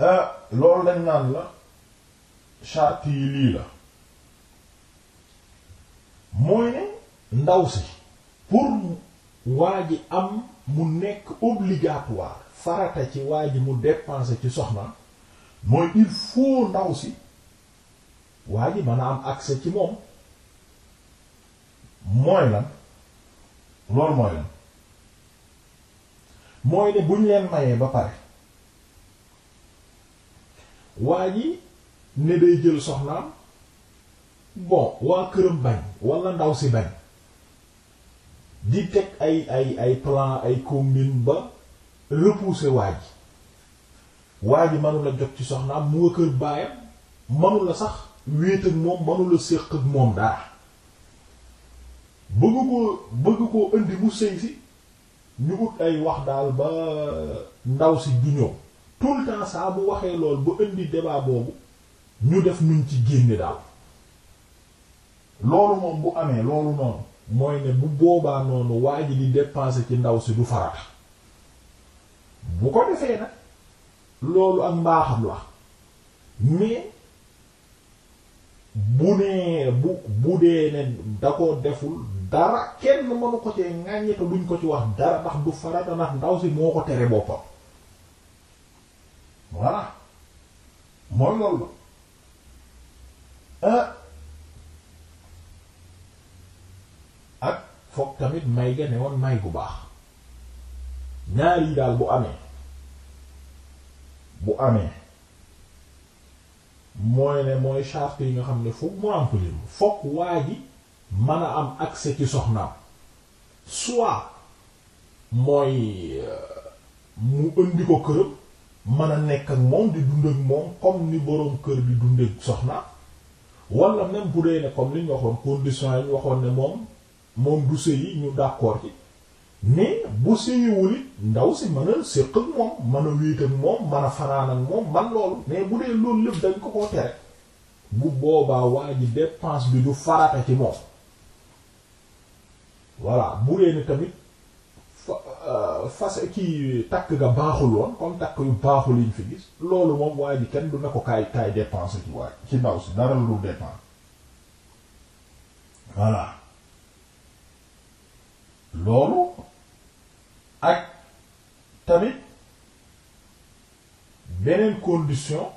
[SPEAKER 1] euh, naan la charte yi lii la mooy ne ndaw si pour waa ji am mu nekk obligatoire farata ci waa ji mu dépenser ci soxna mooy il faut ndaw si waa ji mën a am accès ci moom mooy lan loolu mooy lan mooy ne buñ leen mayee ba pare waa ji ne day jël soxnaam bon waa këram bañ walla ndaw si bañ di teg ay ay ay plan ay combine ba repousser waa ji waa ji mënula jot ci soxnaam mu nga kër baayam mënula sax wéet ak moom manula séq ak moom dara bëgg koo bëgg koo indi mu sensi ñu ut ay wax daal ba ndaw si du ñëw tout temps saa bu waxee lool ba indi débat boobu ñu def nuñ ci génne daal loolu moom bu amee loolu noonu mooy ne bu boobaa noonu waa ji di dépenser ci ndaw si du farata bu ko defee nag loolu ak mbaaxam la mais bu nee bu bu dee ne da ko deful dara kenn mënu ko cee ŋàññe te duñ ko ci wax dara ndax du farata ndax ndaw si moo ko tere boppam voilà mooy loolu ah. ak foog tamit may ga ne may gu baax ñaar yi daal bu amee bu amee mooy ne mooy charte yi nga xam ne fokk mu remplir fokk waa ji mën a am accès ci soxnaam soit mooy euh, mu indi ko këram mën a nekk ak moom di dund ak moom comme ni boroom kër bi dund ak soxnaam wala même bu dee ne comme li waxoon condition yi waxoon ne moom moom du sëy ñu d'accord ci mais bu siiwul ndaw si mën a séq ak moom mën a wéet ak moom mën a fanaan ak moom man loolu mais bu dee loolu lépp dañ ko koo tere bu boobaa waa ji dépense bi du farata ci moom voilà bu ni tamit euh, fas ki takk nga baaxul woon comme takk yu baaxul yiñ fi gis loolu moom waa ji kenn du na ko kaay kaay dépense ci waa ci ndaw si dara lu dépense voilà loolu ak tamit beneen condition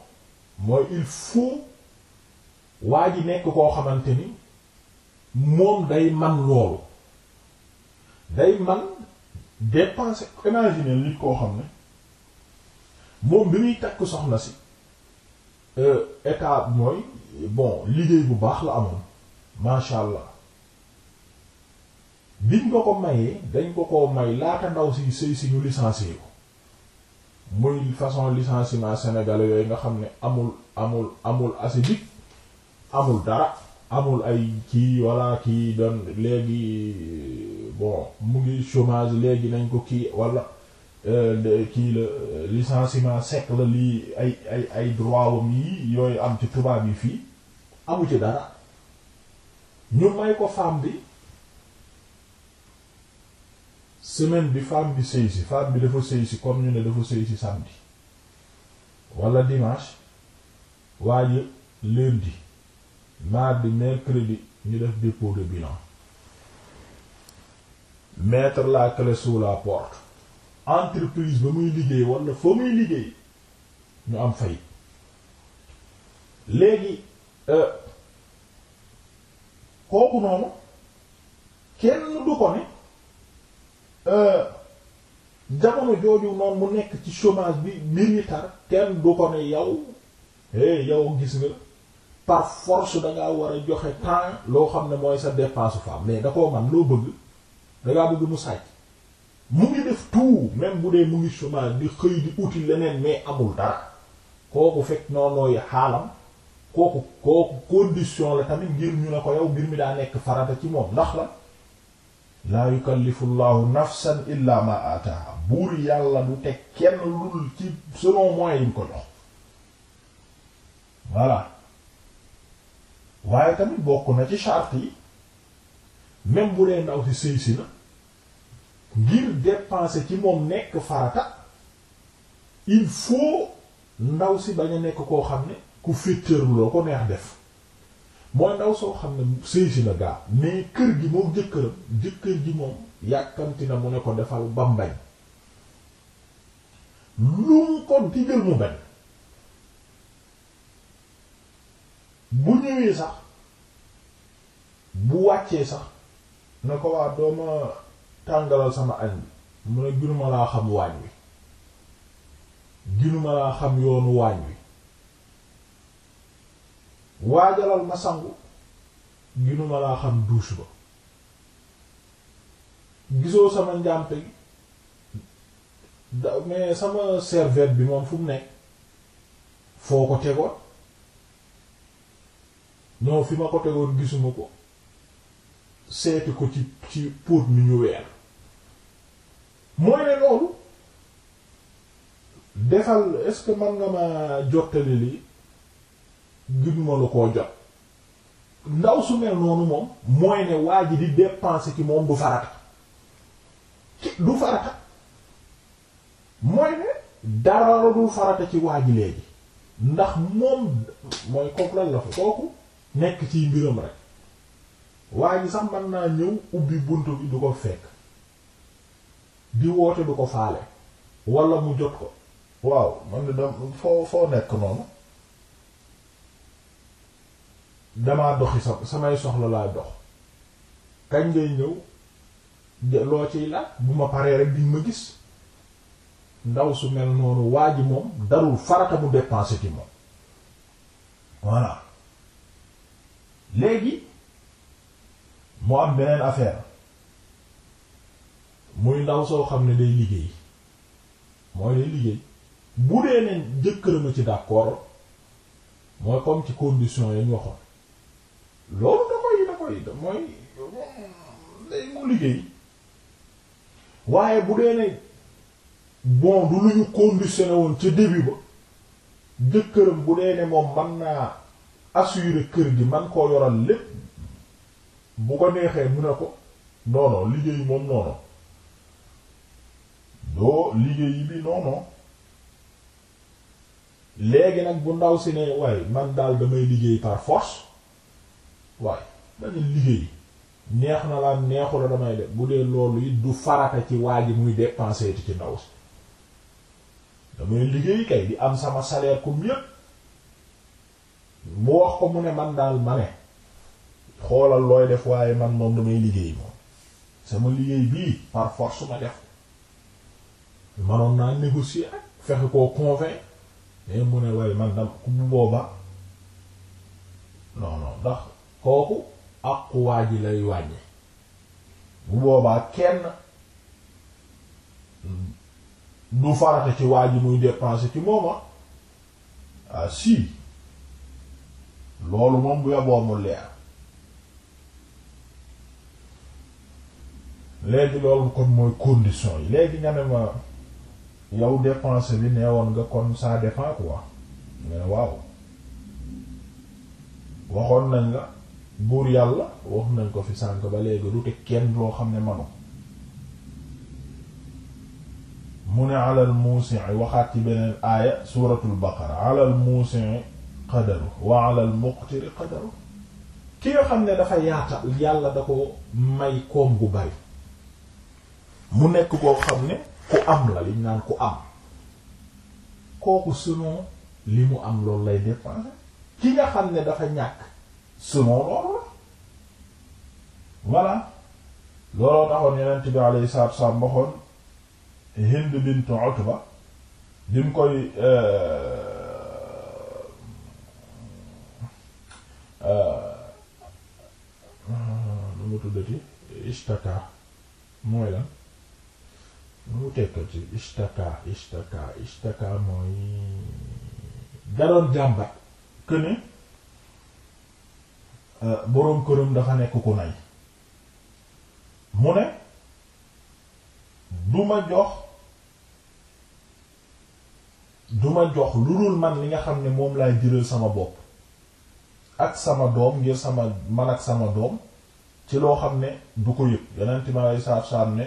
[SPEAKER 1] mooy il faut waa ji nekk koo xamante ni moom day man loolu day man dépenser imaginer nit koo xam ne moom bi muy takk soxna si euh, état mooy bon liggéey bu baax la amoon masha Allah biñ ko ko mayee dañ ko ko may laata ndaw si sëy si ñu licencié ko muy façon licenciement sénégalais yooyu nga xam ne amul amul amul asidik amul dara amul ay kii walla kii doon léegi bon mu ngi chômage léegi nañ ko kii walla euh, kii la licenciement sec la lii ay ay ay droit wam yi yooyu am ci tubaab yi fii amu ci dara ñu may ko femme bi semaine bi femme bi sëy si femme bi dafa sëy si comme ñu ne dafa sëy si samedi wala dimanche waa ji lundi mardi mercredi ñu def dépôt de bilan mettre la clé sous la porte entreprise ba muy liggéey walla fa muy liggéey ñu am fay léegi euh, kooku noonu kenn du ko ne Euh, jamono jooju noonu mu nekk ci chômage bi mbir yi tar kenn du ko ne yow eh yow gis nga par force dangaa war a joxe temps loo xam ne mooy sa dépense femme mais da koo man loo bëgg dangaa bëgg mu sàcc mu ngi def tout même bu dee mu ngi chômage bi xëy di uti leneen mais amul dara kooku fekk noonooy xaalam kooku kooku condition la tamit ngir ñu ne ko yow mbir mi daa nekk farata ci moom ndax la laa yukallifu llahu nafsan illa ma ataaha buur yàlla du teg kenn lul ci selon moyens yi ko jox waaye tamit bokk na ci charte yi même bu dee ndaw si sëy si na ngir dépenser ci moom nekk farata il faut ndaw si bañ a nekk koo xam ne ku féeteerloo ko neex def mooy ndaw soo xam ne sëy si na gaa mais kër gi moo jëkkëram jëkkër ji moom yàkkamti na mu ne ko defal bambañ lu mu ko digal mu bañ bu ñëwee sax bu wàccee sax na ko waa dooma tàngalal sama añ bi mu ne ginuma laa xam waañ wi ginuma laa xam yoonu waañ wi waajalal ma sangu ginuma laa xam douche ba gisoo sama njàmpe gi da mais sama serviette bi moom fu mu nekk foo ko tegoon non fi ma ko tegoon gisuma ko seeti ko ci ci póot mi ñu weer mooy ne loolu defal est-ce man nga ma jottali lii ngir ma lu koo jot ndaw su mel noonu moom mooy ne waa ji di dépenser ci moom du farata du farata mooy ne dara la du farata ci waa léegi ndax moom mooy kooku lan la fa kooku nekk ci mbiram rek waa sax mën naa ñëw ubbi buntu bi du ko fekk di woote du ko faale wala mu jot ko waaw man de foo foo nekk noonu damaa doxi samay soxla laa dox kañ ngay ñëw loo ciy laaj bu ma paree rek diñ ma gis ndaw su mel noonu waa ji moom darul farata mu dépenser ci moom voilà léegi moo am beneen affaire muy ndaw soo xam ne day liggéey mooy day liggéey bu dee ne jëkkëram a ci d'accord mooy comme ci condition yañ waxoon loolu da koy da koy da mooy day mu waaye bu dee ne bon du lu ñu bu dee ne naa assurer kër gi man koo yoral lépp ko neexee mu ko non non moom noonu liggéey bi léegi nag bu ndaw si ne waaye man daal damay liggéey par force waaye dañu liggéey neex na laa neexu la damay def bu dee loolu it du farata ci waa ji muy dépenser ci ndaw si damay liggéey kay di am sama salaire comme yépp mu wax ko mu ne man daal ma ne xoolal looy def waaye man moom damay liggéey moom sama liggéey bii par su ma def manoon naa négocier ak fexe koo convaincre mais mu ne waaye man dam ku bu booba non ndax kooku aqu waa ji lay wàññi bu boobaa kenn du farata ci waa ji muy dépenser ci mooma ah loolu moom bu yoboo mu leer léegi loolu kon mooy condition yi léegi nga ne ma yow dépense bi nee woon nga kon ça dépend quoi mais waaw waxoon nañ la buur yàlla wax nañ ko fi sànk ba léegi du teg kenn loo xam ne manu mu ne alal muusi'i waxaat ci beneen aaya suuratul baqara alal muusi'i qadaru wa alal muqtiri qadaru ki nga xam ne dafa yaatal yàlla da ko may koom gu bari mu nekk koo xam ne ku am la liñ naan ku am kooku selon li mu am loolu lay dépenser ki nga xam ne dafa ñàkk selon loolu voilà looloo taxoon Yonent bi alayhi salaatu wa salaam waxoon Hind bint Utba bi koy lu euh, euh, mu tuddati ishtaka mooy lan lu mu tekkal ci ishtaka ishtaka ishtaka mooy daroon jàmbat këne Euh, boroom këram dafa nekk ku nay mu ne du ma jox du jox lu dul man li nga xam ne moom laay jëral sama bopp ak sama doom ngir sama man ak sama doom ci loo xam ne du ko yëg yenent ma lay saab-saab ne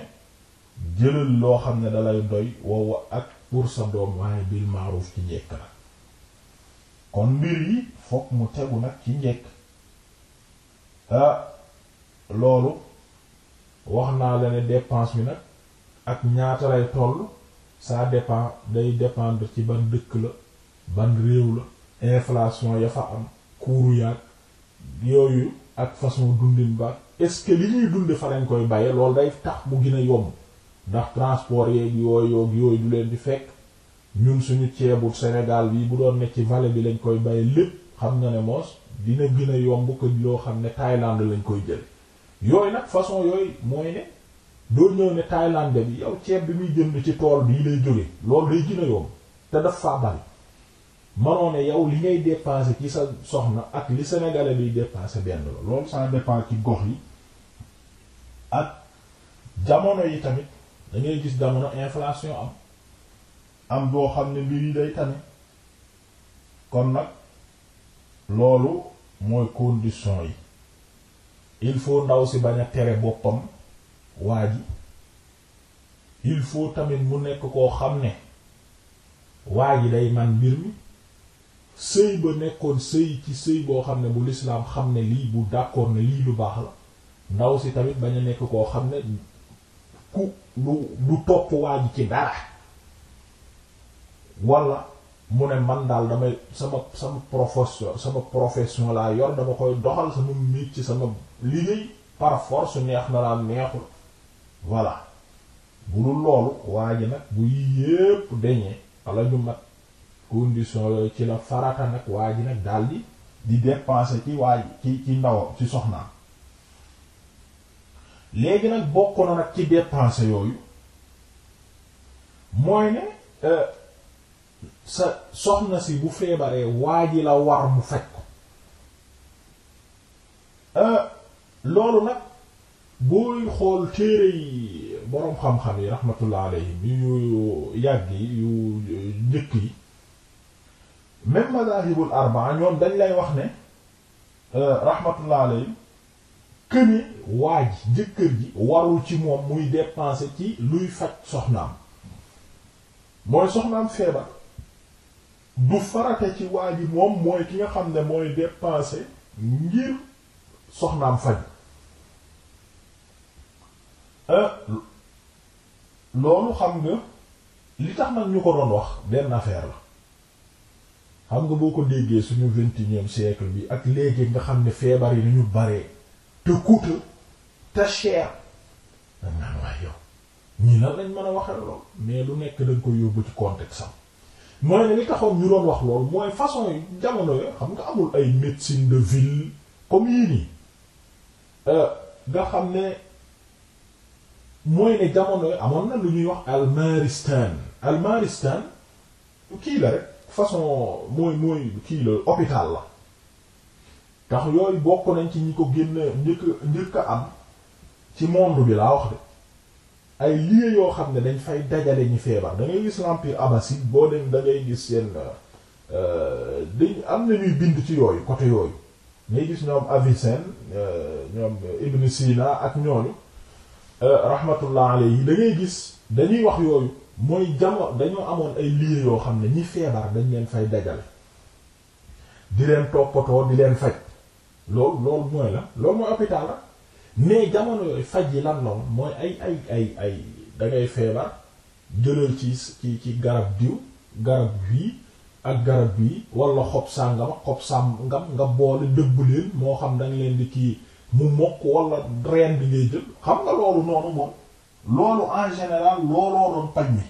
[SPEAKER 1] jëlal loo xam ne dalay doy wow ak pour sa doom waaye bil maaruuf ci njekk la kon mbir yi fokk mu tegu nag ci njekk ah loolu wax naa la ne dépense bi nag ak ñaata lay toll ça dépend day dépendre ci ban dëkk la ban réew la inflation ya fa am kuuru yaag yooyu ak façon dundin ba est-ce que li ñuy dunde fa lañ koy bàyyee loolu day tax mu gën a yomb ndax transport yee yooyu yooyu du leen di fekk ñun suñu ceebu Sénégal bi bu doon ne ci vale bi lañ koy bàyyee lépp xam nga ne moos dina gën a yomb ko loo xam ne Thaïlande lañ koy jël yooyu nag façon yooyu mooy ne doo ñëw ne Thaïlande bi yow ceeb bi muy jënd ci tool bii lay jóge loolu day gën a yomb te daf faa bari manoo ne yow li ngay dépenser ci sa soxna ak li sénégalais biy dépenser benn la loolu ça dépend ci gox yi ak jamono yi tamit dangay gis jamono inflation am am boo xam ne mbir yi day tane kon nag loolu mooy condition yi il faut ndaw si bañ a tere boppam waa ji il faut tamit mu nekk koo xam ne waa ji day man mbir mi sëy ba nekkoon sëy ci sëy boo xam ne bu lislaam xam ne lii bu d'accord ne lii lu baax la ndaw si tamit bañ a nekk koo xam ne ku lu topp waa ji ci dara walla mu ne man daal damay sama sama profession sama profession laa yor dama koy doxal sama miit ci sama liggéey par force neex na laa neexul voilà bu dul loolu waa ji nag bu yépp deñee wala ñu condition yooyu ci la farata nag waa ji nag daldi di dépenser ci waa ci ci ndawam ci soxnaam léegi nag bokk na nag ci dépenser yooyu mooy ne. Euh, sa soxna si bu feebaree waa ji la war mu faj ko ah, loolu nag booy xool téere yi boroom xam-xam yi rahmatullah alayhim yu yàgg yi yu njëkk yi même madahibul arbaa ñoom dañ lay wax ne ah, rahmatullah alayhim këne waa ji jëkkër ji warul ci moom muy dépenser ci luy faj soxnaam mooy soxnaam feebar du farate ci waa yi moom mooy ki nga xam ne mooy dépenser ngir soxnaam faj euh, loolu xam nga li tax nag ñu ko doon wax benn affaire la xam nga boo ko déggee suñu vingt et unième bi ak léegi nga xam ne feebar yi dañu baree te coûte te cher danga naan waaye yow ñii lan lañ mën a waxee lool mais lu nekk dañ ko yóbbu ci contexte am mooy ne li taxoon ñu doon wax loolu mooy façon yi jamono yo xam nga amul ay médecine de ville comme yii nii euh, nga xam ne mooy ne jamono yo amoon na lu ñuy wax almaristan almaristan kii la rek façon mooy mooy kii la hôpital la tax yooyu bokk nañ ci ñi ko génn njëkk njëkk am ci monde bi laa wax de ay lieux yoo xam ne dañ fay dajale ñi feebar dangay gis l'empire abbasside boo dem da gis seen euh, dañ am na ñuy bind ci yooyu côté yooyu ngay gis ñoom Avicenne euh, ñoom Ibn Sina ak ñooñu euh, rahmatullah alayhi da ngay gis dañuy wax yooyu mooy jamono dañoo amoon ay lieux yoo xam ne ñi feebar dañ leen fay dajale di leen toppatoo di leen faj loolu loolu mooy la loolu mooy hôpital la ah? mais jamono yooyu faj yi lan la woon mooy ay ay ay ay dangay feebar jëlal ci ci ci garab diw garab wii ak garab bii wala xob sàngam ak xob sàngam nga boole dëbb leen moo xam danga leen di kii mu mokk wala reen xam nga loolu noonu en général looloo doon paj mi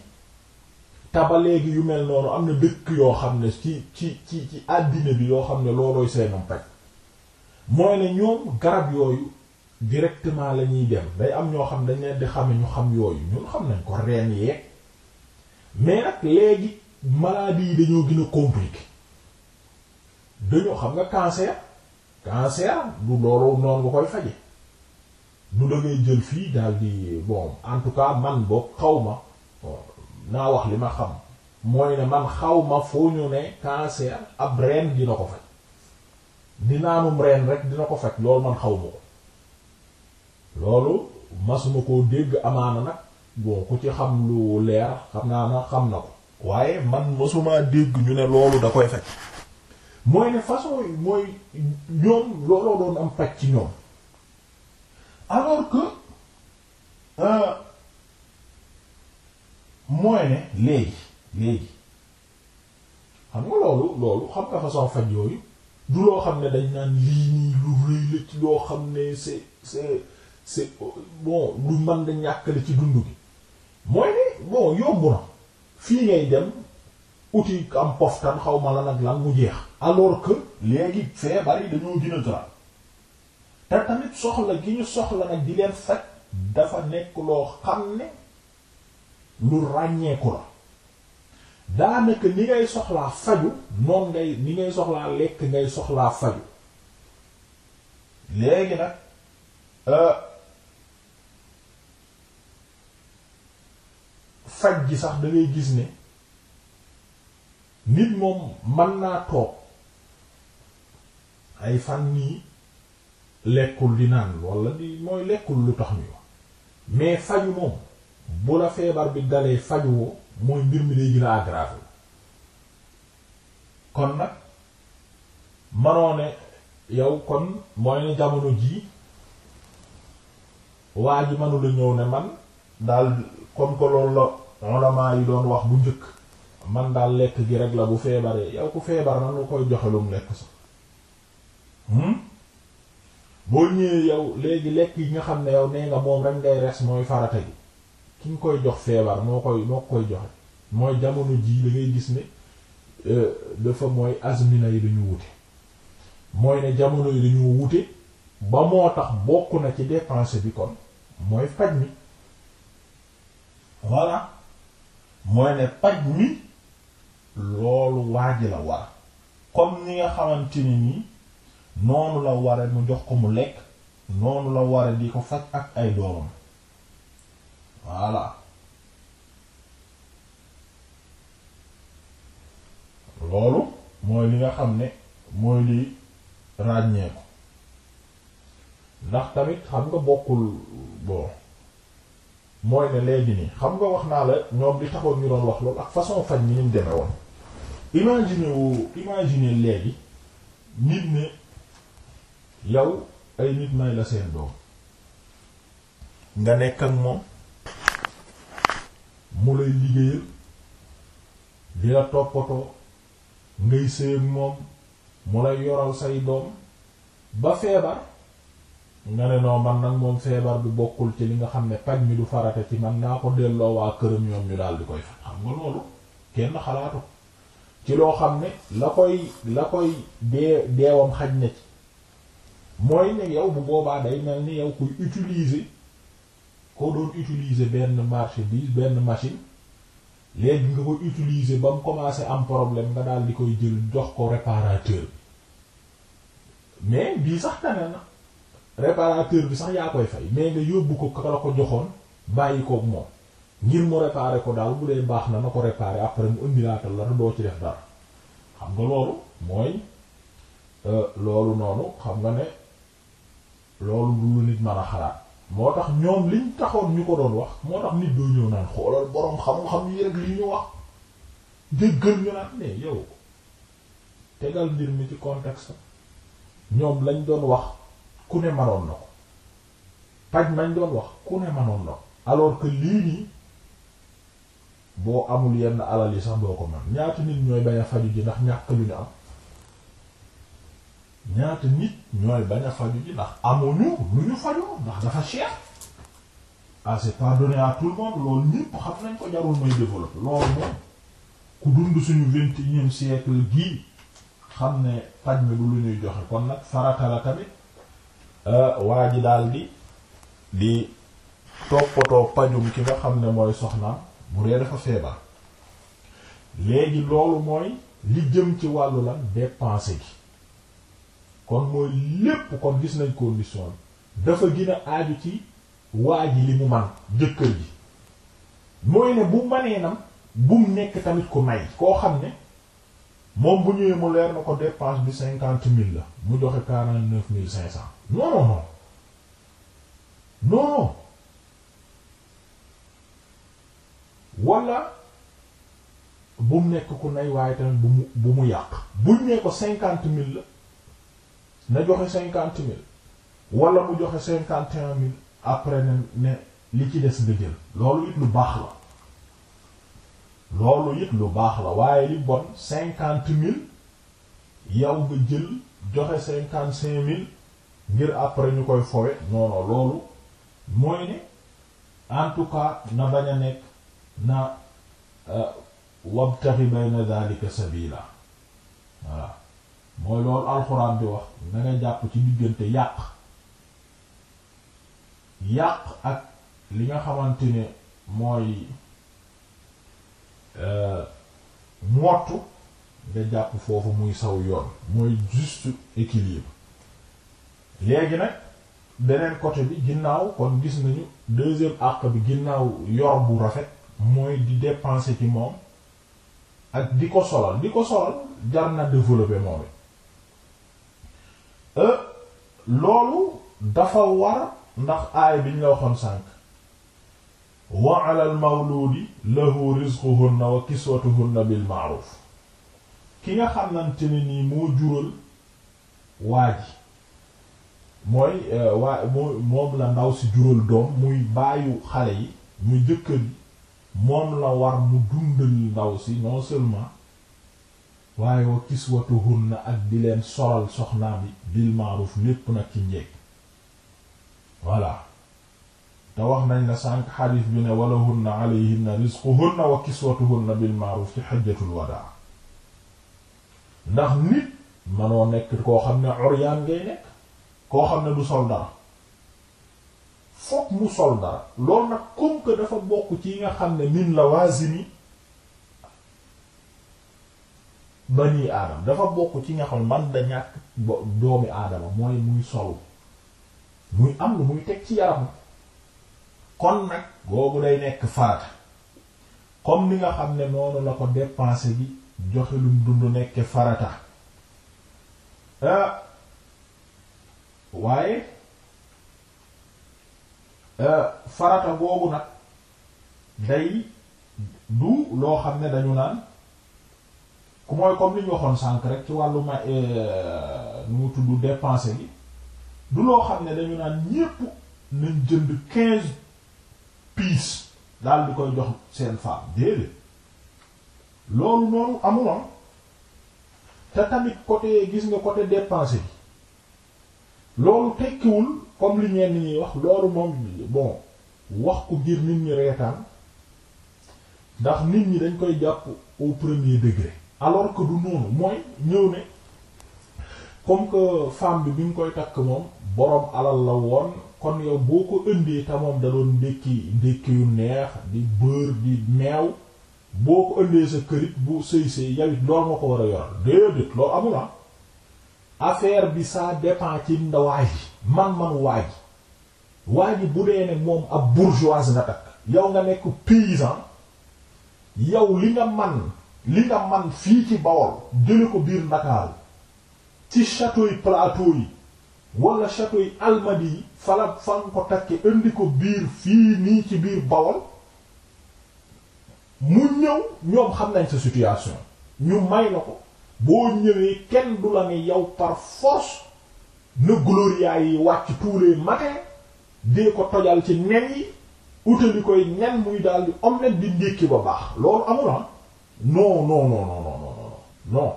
[SPEAKER 1] taba yu mel noonu am na dëkk yoo xam ne ci ci ci ci àddina bi yoo xam ne loolooy seenam paj mooy ne ñoom garab yooyu directement la ñuy dem day am ñoo xam dañ leen di xame ñu xam yooyu ñun xam nañ ko reen yeeg mais nag léegi maladie yi dañoo gën a compliqué dañoo xam nga cancer cancer du loolu noonu nga koy faje du da jël fii daal di bon en tout cas man boog xaw ma naa wax li ma xam mooy ne man xaw ma foo ñu ne cancer ab reen dina ko faj di naanum reen rek dina ko faj loolu man xaw ma ko loolu masuma koo dégg amaana nag boo ku ci xam lu leer xam naa na xam na ko waaye man masuma dégg ñu ne loolu da koy fekk mooy ne façon yi mooy ñoom looloo doon am paj ci ñoom alors que euh, mooy ne léegi léegi xam nga loolu loolu xam nga façon faj yooyu du loo xam ne dañ naan lii nii lu rëy la ci loo xam ne c'est c'est bon du man da ñàkkale ci dund gi mooy ne bon yomb na fii ngay dem uti am poftan xaw ma la nag lan mu jeex alors que léegi feebar yi dañoo gën a te tamit soxla gi ñu soxla nag di leen faj dafa nekk loo xam ne lu ràññeeku la daanaka ni ngay soxlaa faju noon ngay ni ngay soxlaa lekk ngay soxlaa faju léegi nag euh, faj gi sax da gis ne nit moom mën naa toog ay fan nii lekkul di naan wala di mooy lekkul lu tax ñu mais faju moom bu la feebar bi dalee fajuwoo mooy mbir mi day gën a aggravé kon nag manoo yow kon mooy ne jamono jii waa ji mënula ñëw ne man daal comme que loolu la ulama yi doon wax bu njëkk man daal lekk gi rek la bu feebaree yow ku feebar nan nga koy joxe lu lekk sax hmm? boo ñëwee yow léegi lekk yi nga xam ne yow nee nga moom rek ngay res mooy farate gi ki nga koy jox feebar moo koy moo koy joxe mooy jamono jii da gis ne euh, dafa mooy azmina yi dañu wute mooy ne jamono yi dañu wute ba moo tax bokk na ci dépense bi kon mooy faj mi voilà mooy ne paj mi loolu waaji la war comme ni nga xamante ni nii noonu la ware mu jox ko mu lekk noonu la ware di ko faj ak ay doomam voilà loolu mooy li nga xam ne mooy li ràññeeku ndax tamit xam nga bokkul bon mooy ne léegi nii xam nga wax naa la ñoom li taxoon ñu doon wax loolu ak façon faj mi ñu deme woon imagine wu imagine léegi nit ne yow ay nit may la seen doom nga nekk ak moom mu lay liggéeyal di la toppatoo ngay sëy moom mu lay yoral say doom ba feebar nga ne noo man nag moom feebar bi bokkul ci li nga xam ne paj mi du farata ci man naa ko delloo waa këram ñoom ñu daal di koy faj xam nga loolu kenn xalaatu ci loo xam ne la koy la koy dee deewam xaj na ci mooy ne yow bu boobaa day mel ni yow kuy utiliser koo doon utiliser benn marchandise benn machine léegi nga ko utiliser ba mu commencé am problème nga daal di koy jël jox ko réparateur mais bii sax tane na réparateur bi sax yaa koy fay mais nga yóbbu ko ka la ko joxoon bàyyi koog moom ngir mu réparer ko daal bu dee baax na na ko réparer après mu indilaatal la te doo ci def dara xam nga loolu mooy euh, loolu noonu xam nga ne loolu lu nit mën a xalaat moo tax ñoom liñ taxoon ñu ko doon wax moo tax nit doo ñëw naan xoolal boroom xam-xam yi rek li ñu wax déggal ñu naan ne yow tegal mbir mi ci contexte ñoom lañ doon wax ku ne manoon na ko paj mañ doon wax ku ne manoon na ko alors que lii nii boo amul yenn alal yi sax doo ko man ñaata nit ñooy bañ faju ji ndax ñàkk lu ñu am ñaata nit ñooy bañ faju ji ndax amuñu lu ñu fajoo ndax dafa cher ah c'est pas donné à tout le monde xam nañ ko jarul may développer loolu moom ku dund suñu vingt et unième siècle gii xam ne paj mi du lu ñuy joxe kon nag farata la Euh, waa ji daal di di toppatoo pajum ki nga xam ne mooy soxnaam bu dee dafa feebar léegi loolu mooy li jëm ci wàllu lan dépense gi kon mooy lépp kon gis nañ condition bi ci waa ji li mu man jëkkër ji mooy ne bu manee bum nekk tamit ku may koo xam ne moom bu ñëwee mu leer na ko dépense bi cinquante mille la mu joxe quarante neuf mille cinq cent non non non non bu mu nekk ku nay waaye tamit bu mu bu mu yàq buñ ne ko cinquante mille la na joxe cinquante mille wala mu joxe cinquante et un mille après ne ne li ci des nga jël loolu it lu baax la loolu it lu baax la waaye li bon cinquante mil yow nga jël joxe cinquante cinq mille ngir après ñu koy fowe non loolu mooy ne en tout cas na bañ a nekk na euh, wabtaxi bayna dhalika sabila voilà mooy loolu alxuraan bi wax na jàpp ci diggante yàq yàq ak li nga xamante ne mooy Euh, mottu nga jàpp foofu muy saw yoon mooy juste équilibre léegi nag beneen côté bi ginnaaw kon gis nañu deuxième àq bi ginnaaw yor bu rafet mooy di dépenser ci moom ak di ko solal di ko solal jar na développer moom euh, loolu dafa war ndax aay bi nga waxoon sànq wa ala al mawludi lahu rizquhunna wa kiswatuhunna bil ma'ruf ki nga xamante ne nii moo jural waa ji mooy euh, waa moom la ndaw si jural doom muy bàyyu xale yi muy jëkkër yi moom la war mu dundal ndaw si non seulement waaye wa kiswatuhunna ak di leen solal soxnaam bi bil ma'ruf lépp nag ci njekk voilà te wax nañ la sànq xadiis bi ne walahunna alayhinna rizquhunna wa kiswatuhunna bil ma'ruf ci xajjatul wadaa ndax nit manoo nekk koo xam ne uryaan ngay nekk koo xam ne du sol dara fokk mu sol dara loolu nag comme que dafa bokk ci nga xam ne min lawaazimi bani aadama dafa bokk ci nga xam ne man da ñàkk doomi aadama mooy muy sol muy am lu muy teg ci yaram kon nag googu day nekk farata comme li nga xam ne noonu la ko dépensé bi joxe lum dund nekk farata ah. waaye ah, farata googu nag day du loo xam ne dañu naan ku mooy comme li ñu waxoon sànk rek ci wàllu ma eh, nu mu tudd dépensé bi du loo xam ne dañu naan ñépp nañ jënd piis daal di koy jox seen faam déedéet loolu noonu amuloon te tamit côté gis nga côté dépense bi loolu tekkiwul comme li ñenn ñi wax loolu moom bon wax ko ngir nit ñi reetaan ndax nit ñi dañ koy jàpp au premier degré alors que du noonu mooy ñëw ne comme que femme bi bi mu koy takk moom boroom alal la woon kon yow boo ko ëndee te da doon ndékki ndékki yu neex di beurre di meew boo ko ëndee sa kërit bu sëy sëy yow it lool ko war a yoral déedéet loolu amul ah affaire bi ça dépend ci nda waa man-man waa ji bu dee moom ab bourgeoise nga yow nga nekk paysan yow li nga man li nga man fii ci Bawol jële ko biir Ndakaaru ci château plateau yi wala château yi almadi fala fan ko takke indi ko biir fii nii ci biir Bawol mu ñëw ñoom xam nañ sa situation ñu may na ko boo ñëwee kenn du la ne yow par force na gloria yi wàcc tous les matins ko tojal ci nen yi utali koy nen muy daal di omelette di ndékki ba baax loolu amul ah non non non non non non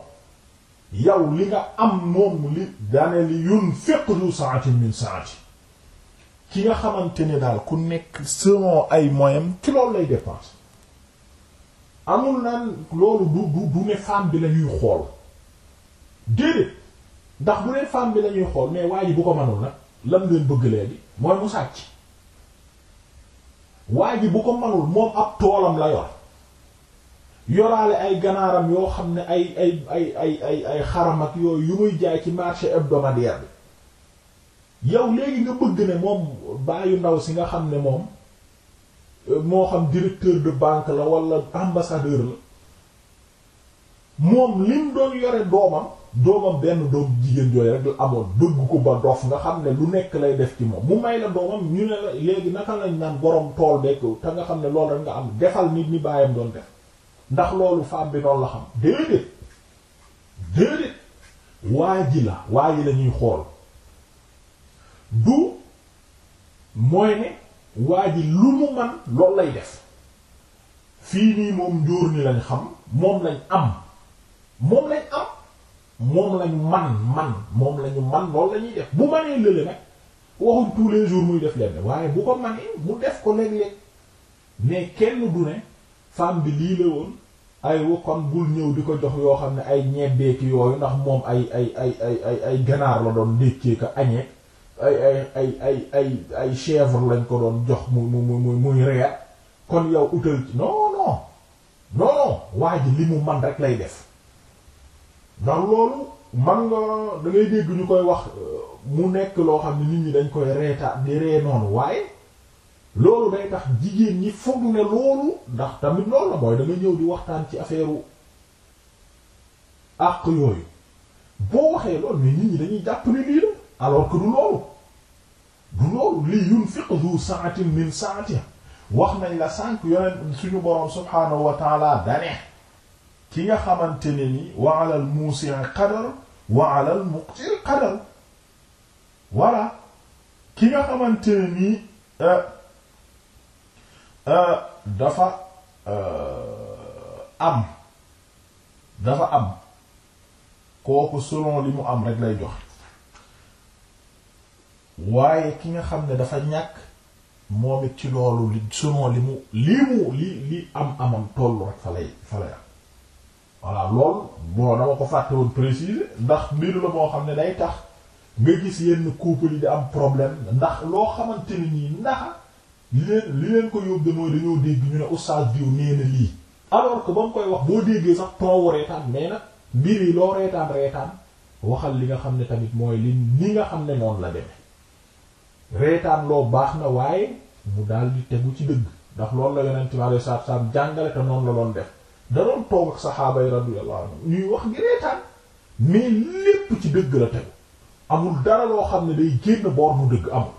[SPEAKER 1] yow li nga am moom li daane li yunfiq du sa'atin min sa'ati ki nga xamante ni daal ku nekk selon ay moyens ki loolu lay dépense amul naan loolu du du du ne femme bi la ñuy xool déedéet ndax bu ne femme bi la ñuy xool mais waa ji bu ko mënul nag lan ngeen bëgg léegi mooy mu sàcc waa bu ko mënul moom ab toolam la yor yoraale ay ganaaram yoo xam ne ay ay ay ay ay ay xaram ak yooyu yu muy jaay ci marché hebdomadaire bi yow léegi nga bëgg ne moom bàyyi ndaw si nga xam ne moom euh, moo xam directeur de banque la wala ambassadeur la moom lim doon yore doomam doomam benn doom jigéen jooy rek la amoon bëgg ko ba dof nga xam ne lu nekk lay def ci moom mu may la doomam ñu ne la léegi naka lañ naan borom tool beeg te nga xam ne loolu rek nga am defal nit ñi bàyyam doon def. ndax loolu femme bi noonu la xam déedéet déedéet waa ji la waa ji la ñuy xool du mooy ne waa ji lu mu man loolu lay def fii nii moom njóor ni lañ xam moom lañ am moom lañ moom lañ man man moom lañu man loolu la ñuy def bu manee lële nag waxul tous les muy def lenn waaye bu ko manee mu def ko léeg-léeg mais kenn du ne femme bi lii la woon aywa kon bul ñëw di ko jox yoo xam ne ay ñebbeeki yooyu ndax moom ay ay ay ay ay ay ganaar la doon dékkee ko añee ay ay ay ay ay ay lañ ko doon jox muy muy muy muy reer kon yow utal ci non non waa ji li mu man rek lay def ndax loolu man nga da ngay dégg ñu koy wax euh, mu nekk loo xam ne nit ñi dañ koy reeta di ree noonu waaye loolu day tax jigéen ñi foog ne loolu ndax tamit loolu la mooy da nga ñëw di waxtaan ci affaire u àq yooyu boo waxee loolu mais nit ñi dañuy jàpp lii la alors du loolu du loolu li yunfiq du sa'atin min sa'atihi wax na la sànq yonent suñu boroom subhaanahu wa taala dane ki nga xamante ne ni wa ala al musi' qadar wa ala muqtir qadar voilà ki nga xamante ni euh, Euh, dafa euh, am dafa am kooku selon li mu am rek lay jox waaye ki nga xam ne dafa ñàkk moom it ci loolu li selon li mu li mu li li am amam tollu rek fa lay fa lay am voilà loolu dama ko fàtte woon préciser ndax mbir la moo xam ne day tax nga gis yenn couple yi di am problème ndax loo xamante nii ndax li leen li leen ko yóbbu mooy dañoo dégg ñu ne oustaz diw nee lii alors que ba mu koy wax boo déggee sax toowu reetaan mais nag mbir yi loo reetaan reetaan waxal li nga xam ne tamit mooy li ni nga xam ne noonu la demee reetaan loo baax na waaye mu daal di tegu ci dëgg ndax lool la yonent bi alayhi salaatu salaam jàngale te noonu la doon def da doon toog ak saxaaba yi radiyallahu anhum ñuy wax ngi reetaan mais lépp ci dëgg la tegu amul dara loo xam ne day génn boor mu dëgg amul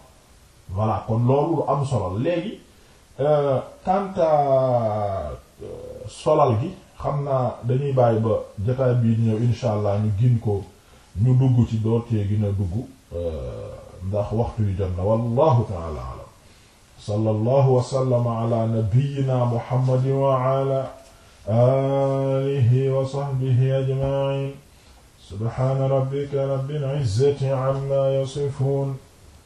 [SPEAKER 1] voilà kon loolu lu am solo léegi kanta euh, euh, solal gi xam naa dañuy bàyyi ba jotaay bii ñëw insha allah ñu gin ko ñu dugg ci dootee gën a dugg euh, ndax waxtu yu jot na wallahu taala alam sallallahu wa sallama ala nabiyyina muhammadin wa ala alihi wa sahbihi ajma'in subhana rabbika rabbil izzati amma yasifun